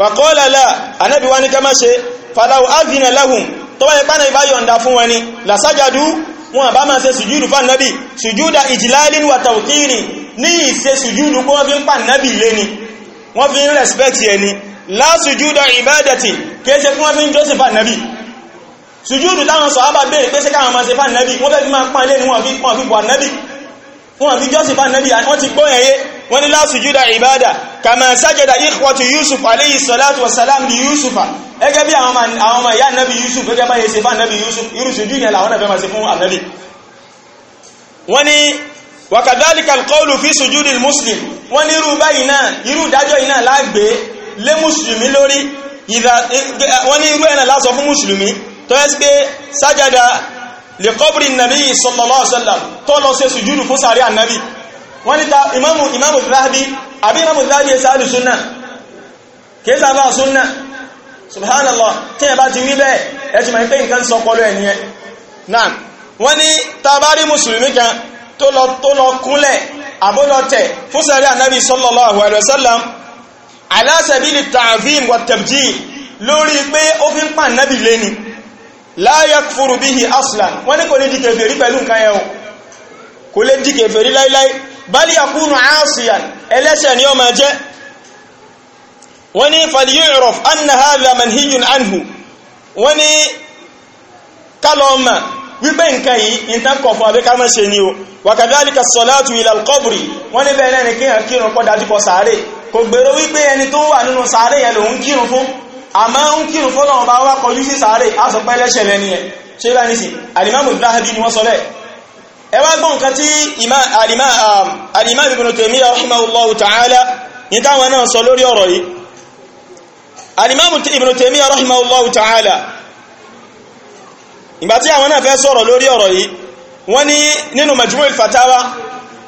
fàkọ́ọ́lá láà anábì wá ní ká má ṣe fàdáwò áàzìnà láhùn tó bá yẹ pánà ìbá yọ̀ǹda fún wọn ni làsájádú wọn àbá máa ṣe sùjúdù fún anábì sùjúdà ìjìláìlín wà tàwùkìrì ní ìṣe sùjúdù kó wọ́n fi ń pa anábì lé ni wọ́n fi ń rẹ̀spẹ̀tì ẹni lásùjúdà ìbádàtì kìí ṣe kí wọ́n fi ń jọ́sìn fún anábì sùjúdù táwọn sọ ábà béèrè pé ṣé káwọn máa ṣe fún anábì wọ́n fẹ́ fi máa pa ilé ni wọ́n fi bọ̀ anábì wọ́n fi jọ́sìn fún anábì wọ́n ti gbọ́ ẹ̀yẹ wọ́n ní la sujuda ìbádà kama sajada ikhwatu yusuf alayhi salatu wasalam li yusufa ẹgẹ́ bí àwọn ọmọ ìyá nabi yusuf gẹ́gẹ́ bá yẹ ṣe bá nabi yusuf irú sujúdì yẹn làwọn ẹ̀fẹ́ máa ṣe fún ànábì wọ́n ní wa kadhalika alqawlu fi sujudi muslim wọ́n ní irú báyìí náà irú ìdájọ́ yìí lágbé lé mùsùlùmí lórí wọ́n ní irú ẹ̀nà lásọ fún mùsùlùmí tó yẹ́ pé sajada li qabri nabi sallallahu tó lọ ṣe sujúdù fún sàrí ànábì wọ́n ní ta imamu imamu zahabi àbí imamu zahabi ẹsẹ́ alù súnà kìí sábà súnà subhanallah tí ẹ bá ti wí bẹ́ẹ̀ ẹtùmọ̀ ẹ pé nǹkan sọ pọ̀lú ẹ̀ nìyẹn náà wọ́n ní ta bá rí mùsùlùmí kan tó lọ tó lọ kúnlẹ̀ àbólọ́tẹ̀ fún sẹ́rí ànábì sallallahu alaihi wasallam ala sabili ta'zim wa tabjil lórí pé ó fi bal yakunu aasiyan ẹlẹ́ṣẹ̀ ni ó máa jẹ́ wọ́n ní falyu'raf anna hadha manhiyun anhu wọ́n ní kálọ́ọ̀mà wípé nǹkan yìí nǹkan kọ̀ fún abẹ́ká mọ́ ṣe ni o wa kadhalika as-salatu ila al-qabri wọ́n ní bẹ́ẹ̀ lẹ́ni kíyàn kírun kọ́ dájú kọ sàárè kò gbèrò wípé ẹni tó wà nínú sàárè yẹn lòun kírun fún àmọ́ ń kírun fọ́lọ́wọ́n bá wá kọjú sí sàárè ẹwà gbọ́n kan tí al-Imam Ibn Taymiyyah rahimahullahu ta'ala ní táwọn náà sọ lórí ọ̀rọ̀ yìí al-Imam Ibn Taymiyyah rahimahullahu ta'ala ìgbà tí àwọn náà fẹ́ sọ̀rọ̀ lórí ọ̀rọ̀ yìí wọ́n ní nínú Majmu' al-Fatawa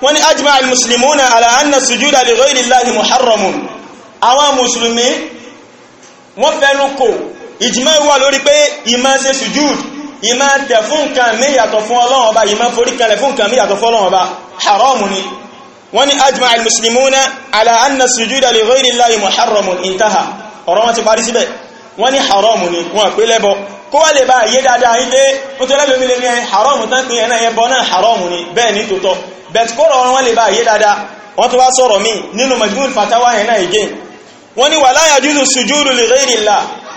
wọ́n ní ajma'a al-muslimuna ala anna sujuda li ìmá tẹ̀ fún nǹkan mí yàtọ̀ fún ọlọ́run ọba ìmá forí kalẹ̀ fún nǹkan mí yàtọ̀ fún ọlọ́run ọba haramu ni wọ́n ní ajma al-muslimuna ala anna sujuda li ghayri llahi muharramun intaha ọ̀rọ̀ wọn ti parí síbẹ̀ wọ́n ní haramu ni wọ́n pé lẹ́bọ kó wá lè bá yé dáadáa yí pé ó tẹ́lẹ̀ lómi lè ní haramu tán pé ẹ̀nà ẹbọ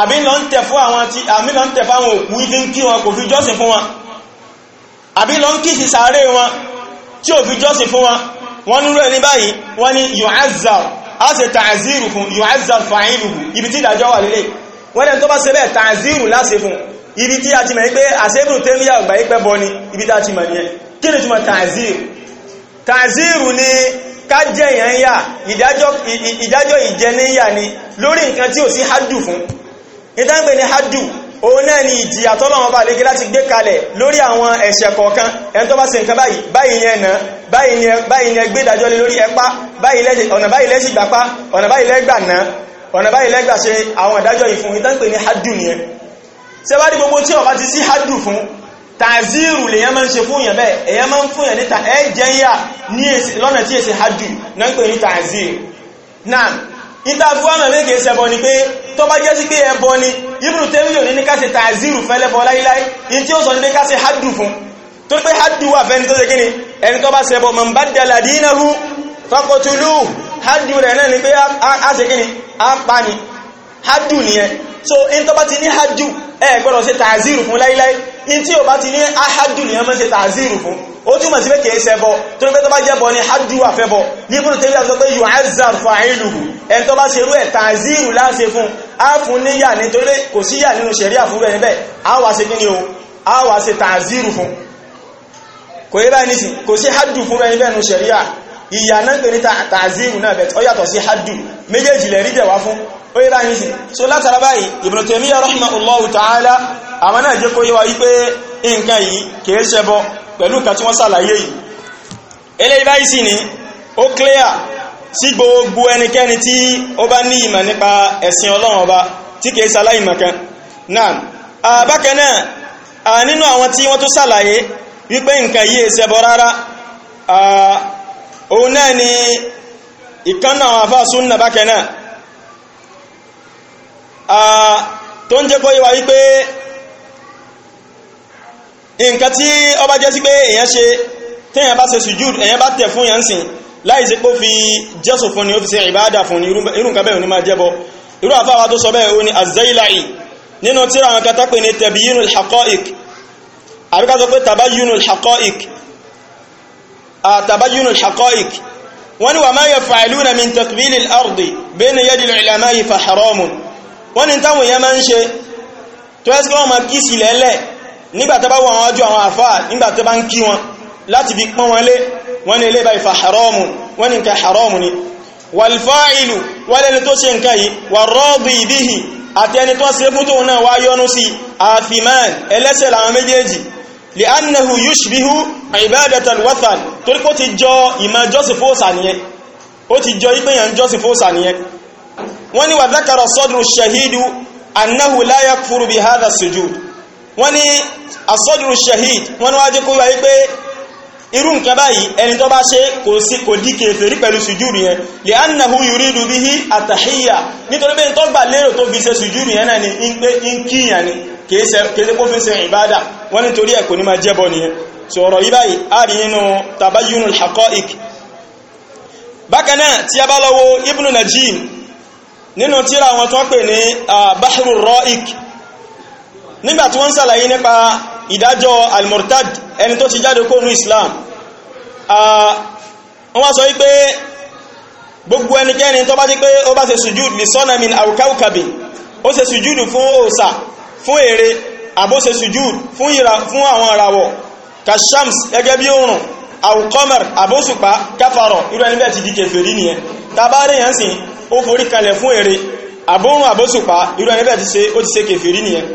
àbí lọ ń tẹ̀ fún àwọn tí àbí lọ ń tẹ̀ fáwọn òkú ìdí ń kí wọn kò fi jọ́sìn fún wọn àbí lọ ń kí sí sàárè wọn tí ò fi jọ́sìn fún wọn wọ́n nírú ẹni báyìí wọ́n ní yu'azzar a ṣe ta'ziru fún yu'azzar fa'iluhu ibi tí ìdájọ́ wà lílé wọ́n lẹ́n tó bá ṣe bẹ́ẹ̀ ta'ziru fún ibi tí a ti mọ̀ pé ni ibi tí a ti mọ̀ nìyẹn ni túmọ̀ ta'ziru ta'ziru ni ká jẹ́ lórí nǹkan tí ò sí hajjù fún ìtàgbè ní hajjú òun náà ni ìjìyà tọ́lọ́wọ́n bá légi láti gbé kalẹ̀ lórí àwọn ẹ̀ṣẹ̀ kọ̀ọ̀kan ẹni tó bá ṣe nǹkan báyìí báyìí ni ẹ̀nà báyìí ni ẹgbẹ́ ìdájọ́ lé lórí ẹpá ọ̀nà báyìí lẹ́sì gbapá ọ̀nà báyìí lẹ́gbà náà ọ̀nà báyìí lẹ́gbà ṣe àwọn ìdájọ́ yìí fún ìtàgbè ní hajjú nìyẹn ṣe wá ní gbogbo tí ó bá ti sí hajjú fún tàzírù lèyàn máa ń ṣe fún èèyàn bẹ́ẹ̀ èèyàn máa ń ìtàfíwánà lè kèé ṣẹbọ ni pé tó bá jẹ́ sí pé ẹbọ ni Ibn Taymiyyah ní ní káṣe tààzírù fẹ́lẹ́bọ láíláí in tí ó sọ ní pé káṣe haddu fún tó pé haddu wà fẹ́ni tó ṣe kíni ẹni tó bá ṣẹbọ man baddala dinahu faqtuluhu haddu rẹ̀ náà ni pé a ṣe kíni a pa ni haddu nìyẹn so in tó bá ti ní haddu ẹ gbọ́dọ̀ ṣe tààzírù fún láíláí in tí ó bá ti ní a haddu nìyẹn mọ́ ṣe tààzírù fún ó túnmọ̀ sí pé kìí ṣẹbọ tó ní pé tó bá jẹ́bọ ní hajjú àfẹ́bọ ní ibùdó tẹ́lẹ̀ àti pé yu'azzar fa'iluhu ẹni tó bá ṣe rú ẹ̀ tàzírù láṣe fún á fún níyà nítorí kò sí yà nínú ṣẹ̀ríà fún rẹ̀ níbẹ̀ á wá ṣe kíni o á wá ṣe tàzírù so látara báyìí Ibn Taymiyyah rahimahullahu ta'ala àwọn náà jẹ́ kó yẹ wá yí pẹ̀lú nǹkan tí wọ́n sàlàyé yìí eléyìí báyìí sì ni ó clear sí gbogbo ẹnikẹ́ni tí ó bá ní ìmọ̀ nípa ẹ̀sìn ọlọ́run ọba tí kìí sàlàyìmọ̀ kan náà bákan náà nínú àwọn tí wọ́n tó sàlàyé wípé nǹkan yìí ṣẹbọ rárá òun náà ni ìkánná àwọn àfáà súnnà bákan náà tó ń jẹ́ kó yé wípé nǹkan tí ọba jẹ́ sí pé èyàn ṣe téèyàn bá ṣe sùjúd èyàn bá tẹ̀ fún yàn sìn láì sí pé ó fi jẹ́sùn fún ni ó fi ṣe ìbáàdà fún ni irú nǹkan bẹ́ẹ̀ ò ní máa jẹ́bọ irú àfáwà tó sọ bẹ́ẹ̀ ó ní az-Zaylai nínú tíra àwọn kata pé ní tabyinul haqa'iq àbíká sọ pé nígbàtẹ́ bá wọn ọjọ́ àwọn àfáà nígbàtẹ́ bá ń kí wọn láti fi pọ́n wọn lé wọ́n ní ilé bá ìfà haramu wọ́n ní nǹkan haramu ni wàlfáìlù wọ́n lẹ́ni tó ṣe nǹkan yìí wà rọ́ọ̀bù ìbíhì àti ẹni tó ṣe fútó náà wá yọnu sí àfimán ẹlẹ́sẹ̀ làwọn méjèèjì lè annahu yushbihu ibadatal wathan torí kó ti jọ ìmọ̀ jọ́sìn fóòsà ó ti jọ ipé yẹn jọ́sìn wọ́n ní wà dákàrọ̀ sọ́dún shahidu annahu la yakfuru bi hadha sujud wọ́n ní asọ́dúrú shahid wọ́n ní wájú kó wáyé pé irú nǹkan báyìí ẹni tó bá ṣe kò sí kò dí kèfèrí pẹ̀lú sùjúrù yẹn lè annahu yuridu bihi àtàhíyà nítorí pé tó gbà lérò tó fi ṣe sùjúrù yẹn náà ni ń pé ń kíyàn ni kèése kó fi ṣe ìbádà wọ́n nítorí ẹ̀ kò ní máa jẹ́bọ nìyẹn sọ̀rọ̀ yí báyìí a rí nínú tabayyunul haqa'iq bákan náà tí a bá lọ wo ibnu najim nínú tíra wọn tó pè ní ah, bahrul ra'iq nígbàtí wọ́n sàlàyé nípa ìdájọ́ al-murtad ẹni tó ti jáde kóòrùn islam wọ́n sọ wípé gbogbo ẹnikẹ́ni tó bá ti pé ó bá ṣe sujúd li sọ́nàmìn àwùkáwùkàbì ó ṣe sujúd fún òòsà fún ère àbó ṣe sujúd fún àwọn ìràwọ̀ kashams gẹ́gẹ́ bí oòrùn àwùkọ́mẹ̀r àbóṣùpá káfàrọ̀ irú ẹni bẹ́ẹ̀ ti di kèfèrí nìyẹn tàbárí yẹn sìn ó forí kalẹ̀ fún ère àbórùn àbóṣùpá irú ẹni bẹ́ẹ̀ ti kèfèrí nìyẹn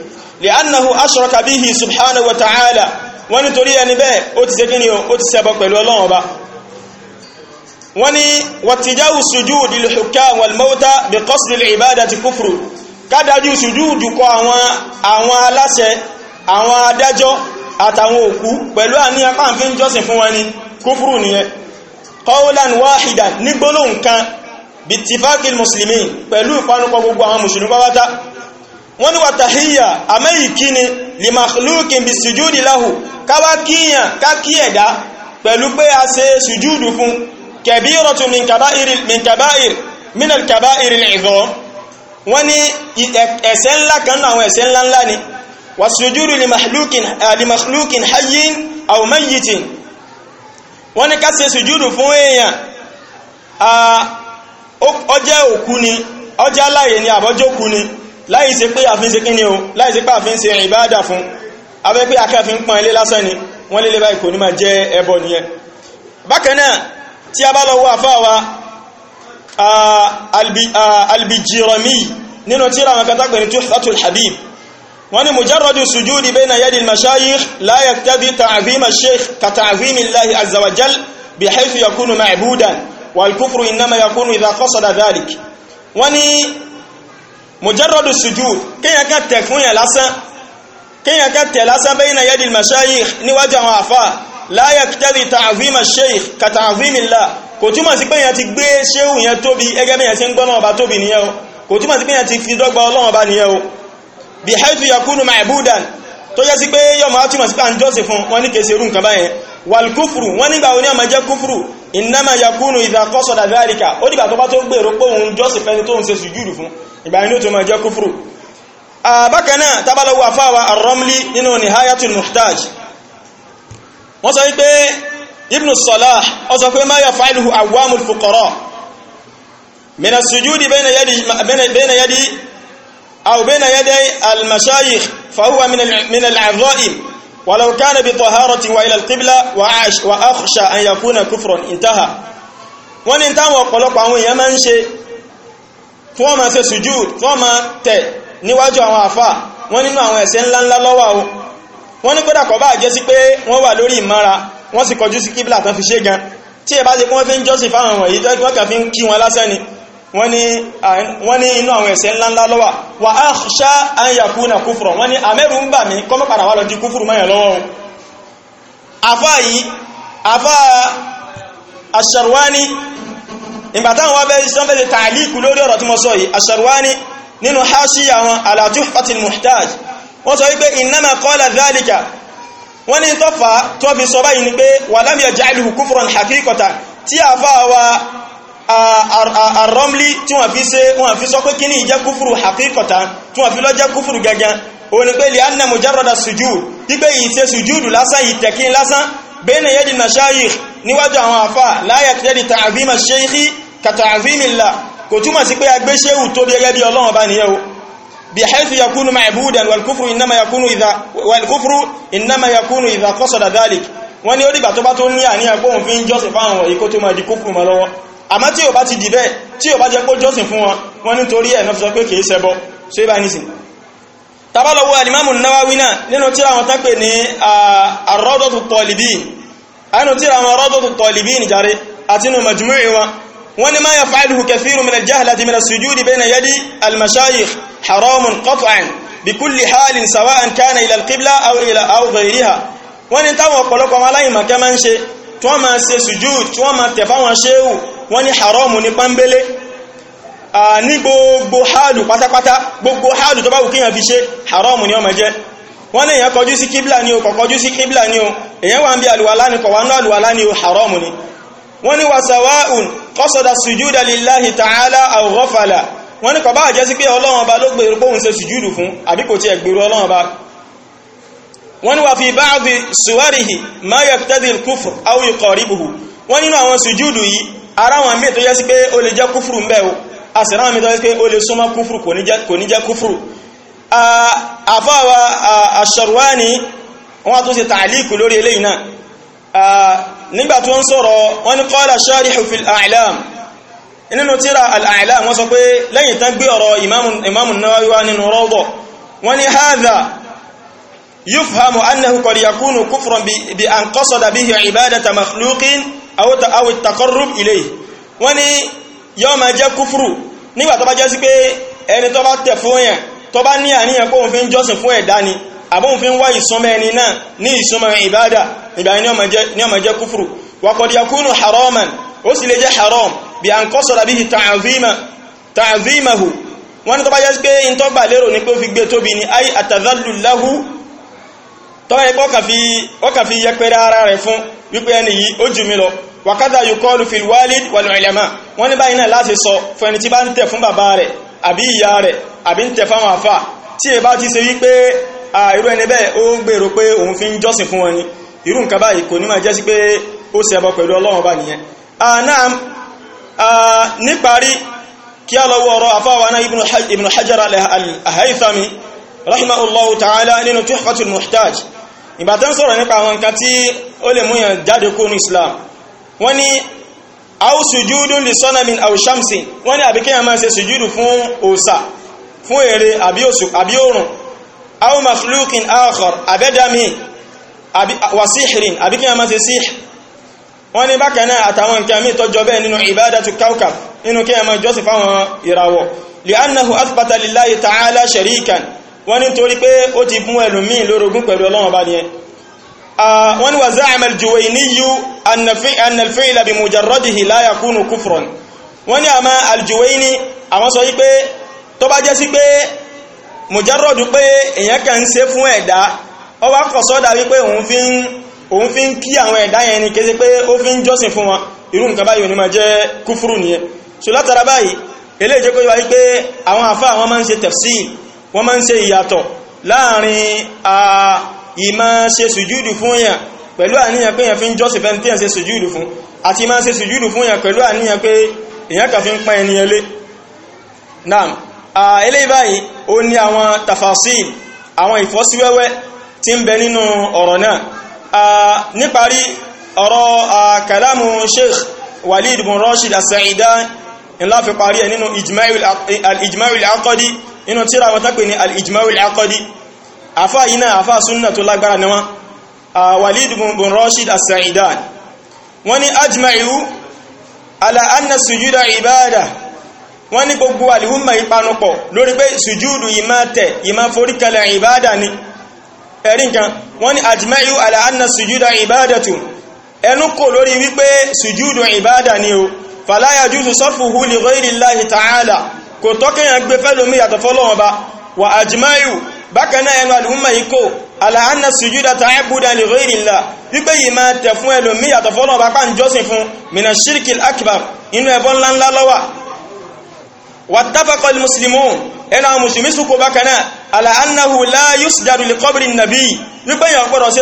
لأنه أشرك به سبحانه وتعالى wọ́n ní torí ẹni bẹ́ẹ̀ ó ti ṣe kí ni ó ti ṣẹbọ pẹ̀lú Ọlọ́run Ọba wọ́n ní wàtíjáwù sùjúùdì lùhùkà wàlmọ́ta bí kọ́sìlì ìbádà ti kúfùrù kádájú sùjúùdù kọ àwọn aláṣẹ àwọn adájọ́ àtàwọn òkú pẹ̀lú àníyàn pàǹfin jọ́sìn fún wọn ni kúfùrù nìyẹn qawlan wahidan ní gbólóhùn kan bí tìfákìl mùsùlùmí pẹ̀lú ìpanupọ̀ gbogbo àwọn mùsùlùmí pátá wọ́n ní wà tàhíyà àmẹ́yì kíni limakhluqin bí sùjúdì láhù káwá kíyàn kákí ẹ̀dá pẹ̀lú pé a ṣe sùjúdù fún kabiratu min kaba'iri min kaba'iri min al-kaba'iri al-'idham wọ́n kan náà àwọn ẹ̀ṣẹ̀ ńlá ni wà sùjúdù limakhluqin limakhluqin hayyin aw mayyitin wọ́n ní ká ṣe sùjúdù fún èèyàn ọjẹ́ òkú ni ọjẹ́ aláyè ni àbọ́jókú ni láì ṣe pé àfin ṣe kí ni o láì ṣe pé àfin ṣe rìn ìbáadà fún afẹ́ pé akẹ́fin pọn ilé lásán ni wọ́n lélẹ́ báyìí kò ní máa jẹ́ ẹbọ nìyẹn bákan náà tí a bá lọ wo àfáà wa albijirami nínú tírà àwọn kátàgbẹ̀ ní tuhfatul habib wọ́n ní mujarradu sujudi bayna yadil mashayikh la yaqtadi ta'zim ash-shaykh ka ta'zim illahi azza wa jal bihaythu yakunu ma'budan wal kufru innama yakunu idha qasada dhalik wọ́n ní mujarradu sujud kéèyàn kan tẹ̀ fún yẹn lásán kéèyàn kan tẹ̀ lásán bayna yadi al-mashayikh níwájú àwọn àfà la yaktabi ta'zim al-shaykh ka ta'zim Allah kò túmọ̀ sí pé yẹn ti gbé ṣéhù yẹn tóbi ẹgẹ́ bẹ́yẹn ti ń gbọ́ náà bá tóbi nìyẹn o kò túmọ̀ sí pé yẹn ti fi dọ́gba Ọlọ́run bá nìyẹn o bihaythu yakunu ma'budan tó jẹ́ sí pé yọmọ á sí pé à ń jọ́sìn fún wọn ní kèsì irú nǹkan báyẹn wal wọn nígbà wo ni ọmọ jẹ́ kúfùrù ìnáma yakunu ìdàkọ́sọ̀dà dáríkà ó dìgbà tó bá tó gbèrò pé òun jọ́sìn fẹ́ni tó ń ṣe sùjúdù fún ìgbà inú tó máa jẹ́ kúfùrù àbákaná tábàlọ́wọ́ àfáwà ar-Ramli nínú Nihayatul Muhtaj wọ́n sọ wípé Ibn Salah ó sọ pé ma yaf'aluhu awwamul fuqara min as ولو كان بطهارة وإلى القبلة وعاش وأخشى أن يكون كفرا انتهى wọ́n ní táwọn ọ̀pọ̀lọpọ̀ àwọn èèyàn máa ń ṣe fún ọmọ ṣe sùjúd fún ọmọ tẹ̀ níwájú àwọn àfà wọ́n nínú àwọn ẹ̀ṣẹ̀ ńláńlá lọ́wọ́ o wọ́n ní kódà kò bá jẹ́ sí pé wọ́n wà lórí ìmára wọ́n sì kọjú sí kíbla tán fi ṣe gan tí ẹ bá ṣe pé wọ́n fi ń jọ́sìn fáwọn wọ̀nyí tẹ́ wọ́n kàn fi ń kí wọn lásán wọ́n ní inú àwọn ẹ̀ṣẹ̀ ńláńlá lọ́wà wà á ṣá àyàkú na kúfùrọ̀ wọ́n ní àmẹ́rù ń bà mí kọ́mọ́ padà wà lọ di kúfùrù mẹ́yàn lọ́wọ́ afá yìí afá aṣàrwáni ìgbàtàwọn wá bẹ́ẹ̀ sọ́n fẹ́ẹ̀ tààlíkù lórí ọ̀rọ̀ tí mo sọ yìí aṣàrwáni nínú haṣíyà wọn wa àrọ́mlí tí wọ́n fi ṣe wọ́n fi sọ pé kí ní ìjẹ́ kúfùrù àkíkọ̀ta tí wọ́n fi lọ jẹ́ kúfùrù gẹ́gẹ́ òun ni pé lè ánà mú járọ̀dà sùjúù wípé ìṣe sùjúùdù lásán ìtẹ̀kí lásán bẹ́ẹ̀nà yẹ́dì nàṣáyì níwájú àwọn àfà láyà tẹ́dì tààvímà ṣéhí kàtà àvímìlà kò túmọ̀ sí pé agbé ṣéhù tó bí gẹ́gẹ́ bí ọlọ́run bá nìyẹn o bí haifu yakunu ma'budan wal kufru innama yakunu idha wal kufru innama yakunu idha qasada dhalik wọ́n ní ó dìgbà tó àmọ́ tí ò bá ti dìbẹ́ tí ò bá jẹ́ pó jọ́sìn fún wọn wọ́n nítorí ẹ̀ náà fi sọ pé kìí ṣẹbọ so ibà nísìn tabalọ́wọ́ alimamu nawawi náà nínú tí àwọn tán pè ní arọ́dọ̀tù tọ́lìbín àánú tí àwọn arọ́dọ̀tù tọ́lìbín jàre àti inú majmu'i wọn wọ́n ni máa yẹ fa'ilhu kẹfìrù min aljahla ti min asujudi bẹ́ẹ̀ na yadi almashayikh haramun qat'an bi kulli wọ́n ní haramu ní pánbélé ní gbogbo hálù pátápátá gbogbo hálù tó bá wù kíyàn fi ṣe haramu ní ó máa jẹ́ wọ́n ní èyàn kọjú sí kíblà ní o kò kọjú sí kíblà ní o èyàn wà ń bí alùwàlá ní kọ̀wà náà alùwàlá ní o haramu ní wọ́n ní wasawaun qasada sujuda lillahi ta'ala aw ghafala wọ́n ní kò bá jẹ́ sí pé ọlọ́run ọba ló gbèrò pé ṣe sùjúdù fún àbí kò tiẹ̀ gbèrò ọlọ́run ọba wọ́n ní wà fi ba'di suwarihi ma yaqtadi al-kufr aw wọ́n nínú àwọn sùjúdù yìí ara wọn mí tó yẹ sí pé ó lè jẹ́ kúfùrù ń bẹ̀ o a sì ráwọn mí tó yẹ sí pé ó lè súnmọ́ kúfùrù kò ní jẹ́ kúfùrù àfáwà àṣọ̀rọ̀wání wọ́n tún ṣe tààlíkù lórí eléyìí náà nígbà tó ń sọ̀rọ̀ wọ́n ní qala sharihu fil a'lam nínú tíra al-a'lam wọ́n hadha yufhamu annahu qad yakunu kufran bi an qasada bihi ibadata makhluqin àwọn ìtàkọ́rù ilé wọ́n ní yọ́ ma jẹ́ kúfùrù nígbà tó bá jẹ́ sí pé ẹni tó tẹ̀ fún èèyàn tó ní àníyàn pé òun jọ́sìn fún ẹ̀dá ni àbóhun fi ń wá ìsọmọ́ ẹni náà ní ìsọmọ́ ìbádà ìgbà ni ó ma jẹ́ kúfùrù waqad yakunu haraman ó sì lè jẹ́ haram bí an qasada bihi ta'zimahu wọ́n ní tó bá jẹ́ sí pé in tó gbà lérò ní pé ó fi gbé tóbi ni ay atadhallu lahu tó wípé ẹni yìí ó jù mí lọ wàkádà yuqalu fil walid wal ulama wọ́n ní báyìí náà láti sọ fún ẹni tí bá ń tẹ̀ fún bàbá rẹ̀ àbí ìyá rẹ̀ àbí ń tẹ̀ fáwọn àfà tí ẹ bá ti ṣe wípé irú ẹni bẹ́ẹ̀ ó gbèrò pé òun fi ń jọ́sìn fún wọn ni irú nǹkan báyìí kò ní máa jẹ́ sí pé ó ṣe ẹbọ pẹ̀lú ọlọ́run bá nìyẹn náà níparí kí a lọ́wọ́ ọ̀rọ̀ àfáwàná ibn hajar ìbátan sọ̀rọ̀ nípa àwọn nǹkan tí ó lè múyàn jáde kó ní islam wọ́n ní aw sujudun li sanamin aw shamsin wọ́n ní àbíkẹ́ yàn máa ṣe sùjúdù fún òsà fún ère àbí òrùn aw makhluqin akhar abẹ́dàmí wa sihrin àbíkẹ́ yàn máa ṣe sihr wọ́n ní bákan náà àtàwọn nǹkan mí tọ́jọ bẹ́ẹ̀ nínú ibadatu kawkab nínú kí yàn máa jọ́sìn fáwọn ìràwọ̀ li'annahu athbata lillahi ta'ala sharikan wọ́n ní torí pé ó ti mú ẹlòmíì lórogún pẹ̀lú ọlọ́run bá ní ẹ wọ́n ní wà záàmà al-Juwayniyu anna al-fi'la bi mujarradihi la yakunu kufran wọ́n ní àmà al-Juwayni àwọn sọ yí pé tó bá jẹ́ sí pé mujarradu pé èèyàn kàn ń ṣe fún ẹ̀dá ó wá kọ̀ sọ́dà wípé òun fi ń kí àwọn ẹ̀dá yẹn ni kéde pé ó fi ń jọ́sìn fún wọn irú nǹkan báyìí onímọ̀ jẹ́ kúfúrú nìyẹn so látara báyìí eléyìí jẹ́ kó yọ wípé àwọn àfá àwọn máa ń ṣe tafsir wọ́n máa ń ṣe ìyàtọ̀ láàrin a ìmá ṣe sùjúdù fún yàn pẹ̀lú àníyàn pé yàn fi ń jọ́sìn fẹ́ni tí yàn ṣe sùjúdù fún àti ìmá ṣe sùjúdù fún yàn pẹ̀lú àníyàn pé èyàn kà fi ń pẹ́ ẹni ẹlé naam eléyìí báyìí ó ní àwọn tafasil àwọn ìfọ́síwẹ́wẹ́ tí ń bẹ nínú ọ̀rọ̀ náà níparí ọ̀rọ̀ kàlámù sheikh walid bin rashid as-sa'idani ńlá fi parí ẹ̀ nínú al-ijma'ul nínú tíra wọn tápè ní al-ijma'ul aqdi àfá iná àfá súnnà tó lágbára ni wọ́n walid bin rashid as-sa'idan wọ́n ní ajma'u ala anna sujuda ibada wọ́n ní gbogbo alìhúnmà ìpanupọ̀ lórí pé sùjúdù ìmá tẹ̀ ìmá foríkalẹ̀ ìbádà ni ẹ̀rí nǹkan wọ́n ní ajma'u ala anna sùjúdà ìbádàtù ẹnu kò lórí wípé sùjúdù ni o fala yajuzu sarfuhu li ghayri Allahi ta'ala kò tọ́kẹ́yàn gbé fẹ́lómi yàtọ̀ fọ́lọ́wọ́n ba wà àjìmáyù bákanáà ẹnu àlùmọ́ yìí kò àlàánà sùjúdà tá àbúdà li ghayrillah wípé yìí máa tẹ̀ fún ẹlòmí yàtọ̀ fọ́lọ́wọ́n bá pa ń jọ́sìn fún mina shirkil akbar inú ẹbọ ńláńlá lọ́wà wattafaqa al-muslimun ẹnu àwọn mùsùlùmí sùkò bákanáà àlàánàhù la yusjadu li qabri an-nabi wípé yàn gbọ́dọ̀ ṣe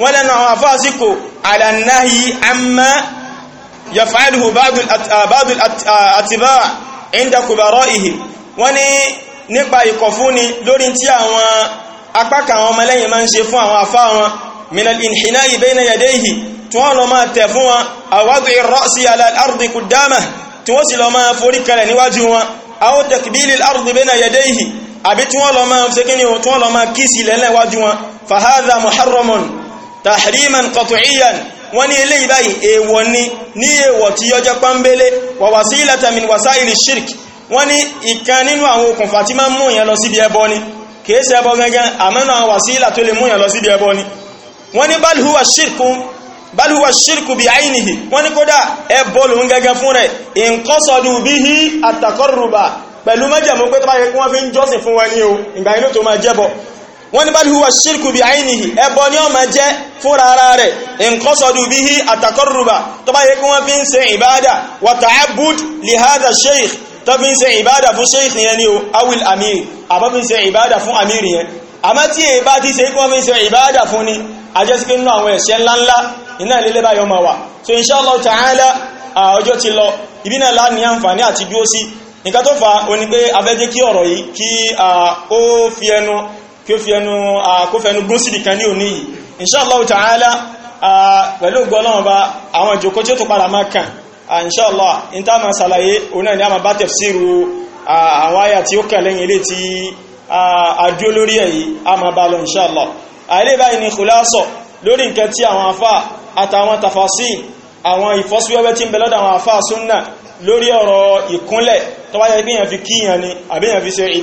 wọ́n lẹ́nu àwọn àfáàsíkò alànáhì àmà yaf'aluhu ba'du àtibáà ah, ah, inda kubara'ihim wọ́n ní nípa ìkọ̀fúnni lórí tí àwọn apákà àwọn ọmọlẹ́yìn máa ń ṣe fún àwọn afá wọn minal inhina'i bayna yadayhi tí wọ́n lọ máa tẹ̀ fún wọn àwádùn ìrọ́sí aláàrùdì kùdámà tí wọ́n sì lọ máa forí kalẹ̀ níwájú wọn àwọn tẹ̀kìbílì aláàrùdì bayna yadayhi àbí tí wọ́n lọ máa ṣe kí ni tí wọ́n lọ máa kí sí lẹ́lẹ́wájú wọn fahadha muharramun tahriman qat'iyyan wọ́n ní eléyìí báyìí èèwọ̀ ni ní èèwọ̀ tí yọjọ́ pánbélé wa wasilatan min wasaili shirk wọ́n ní ìkan nínú àwọn okùnfà tí máa ń mú èèyàn lọ síbi ẹbọ ni kìí ṣe ẹbọ gangan àmọ́nà àwọn wàsílà tó lè mú èèyàn lọ síbi ẹbọ ni wọ́n ní bal huwa shirku bal wọ́n ní kódà ẹbọ lòun gangan fún rẹ̀ inqasadu bihi at-taqarruba pẹ̀lú mẹ́jẹ̀mú pé tó bá yẹ kí wọ́n fi ń jọ́sìn fún wọn ní o ìgbà inú tó máa jẹ́bọ̀ wọ́n ní bal huwa ṣírkù bí àìníhì ẹbọ ni ó máa jẹ́ fúnra ara rẹ̀ nǹkan sọ̀dù bí i àtàkọ́rùbà tó bá yẹ kí wọ́n fi ń ṣe ìbáadà wa ta'abbud li sheikh tó fi ń ṣe ìbáadà fún sheikh yẹn ni o awil amir àbọ́ fi ń ṣe ìbáadà fún amir yẹn àmọ́ tí èyí bá ti ṣe kí wọ́n fi ń ṣe ìbáadà fún ni àjẹsíkí nínú àwọn ẹ̀ṣẹ̀ ńláńlá iná so inshallah ta'ala ọjọ́ ti lọ ibi náà lá ní àǹfààní àti dúó sí kí ó fi ẹnu àkófẹnu gún sídì kan ní òní yìí inṣáàlọ́wù tààlá pẹ̀lú gbọ́lọ́wọ́ bá àwọn ìjòkó tí ó tó padà máa kàn inṣáàlọ́ ìntàmà sàlàyé onáà ní àmà bá tẹ̀fsíru àwọn àyà tí ó kàn lẹ́yìn ilé tí àdúó lórí èyí àmà bá lọ inṣáàlọ́ àìlè báyìí ni kùlásọ̀ lórí nǹkan tí àwọn afá àtàwọn tàfàsí àwọn ìfọ́síwẹ́wẹ́ tí ń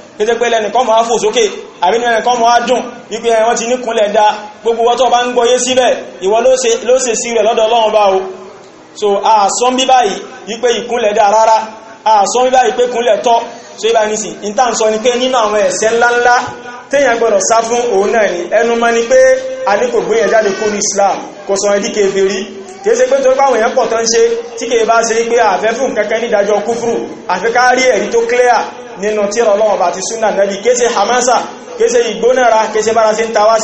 kété pé lẹ́nìkan mọ̀ á fò sókè àbí ní ẹnìkan mọ̀ á dùn wípé wọ́n ti níkúnlẹ̀ da gbogbo wọ́n tó bá ń gbọ́yé síbẹ̀ ìwọ ló se sí rẹ̀ lọ́dọ̀ Ọlọ́run bá o so àsán bí báyìí wípé ìkúnlẹ̀ da rárá àsán bí báyìí pé kúnlẹ̀ tọ́ so ibà ní sí ìta ń sọ ni pé nínú àwọn ẹ̀ṣẹ̀ ńláńlá téèyàn gbọ́dọ̀ sá fún òun náà ni ẹnu mọ́ ni pé a ní kò gbé yẹn jáde kó ní Islam kò sọ ẹdí kèfèrí kìí ṣe pé torí pàwọn èèyàn pọ̀ tán ṣe tí kìí bá ṣe pé àfẹ́ fún kẹ́kẹ́ ní ìdájọ́ kúfùrù àfi ká rí ẹ̀rí tó clear nínú tí Ọlọ́run bá ti súnà nẹ́bí kìí ṣe hamasa kìí ṣe ìgbónára kìí ṣe bára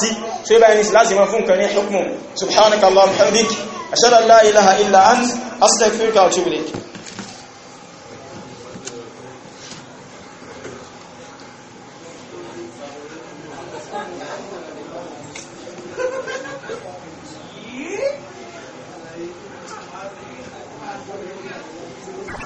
sí ń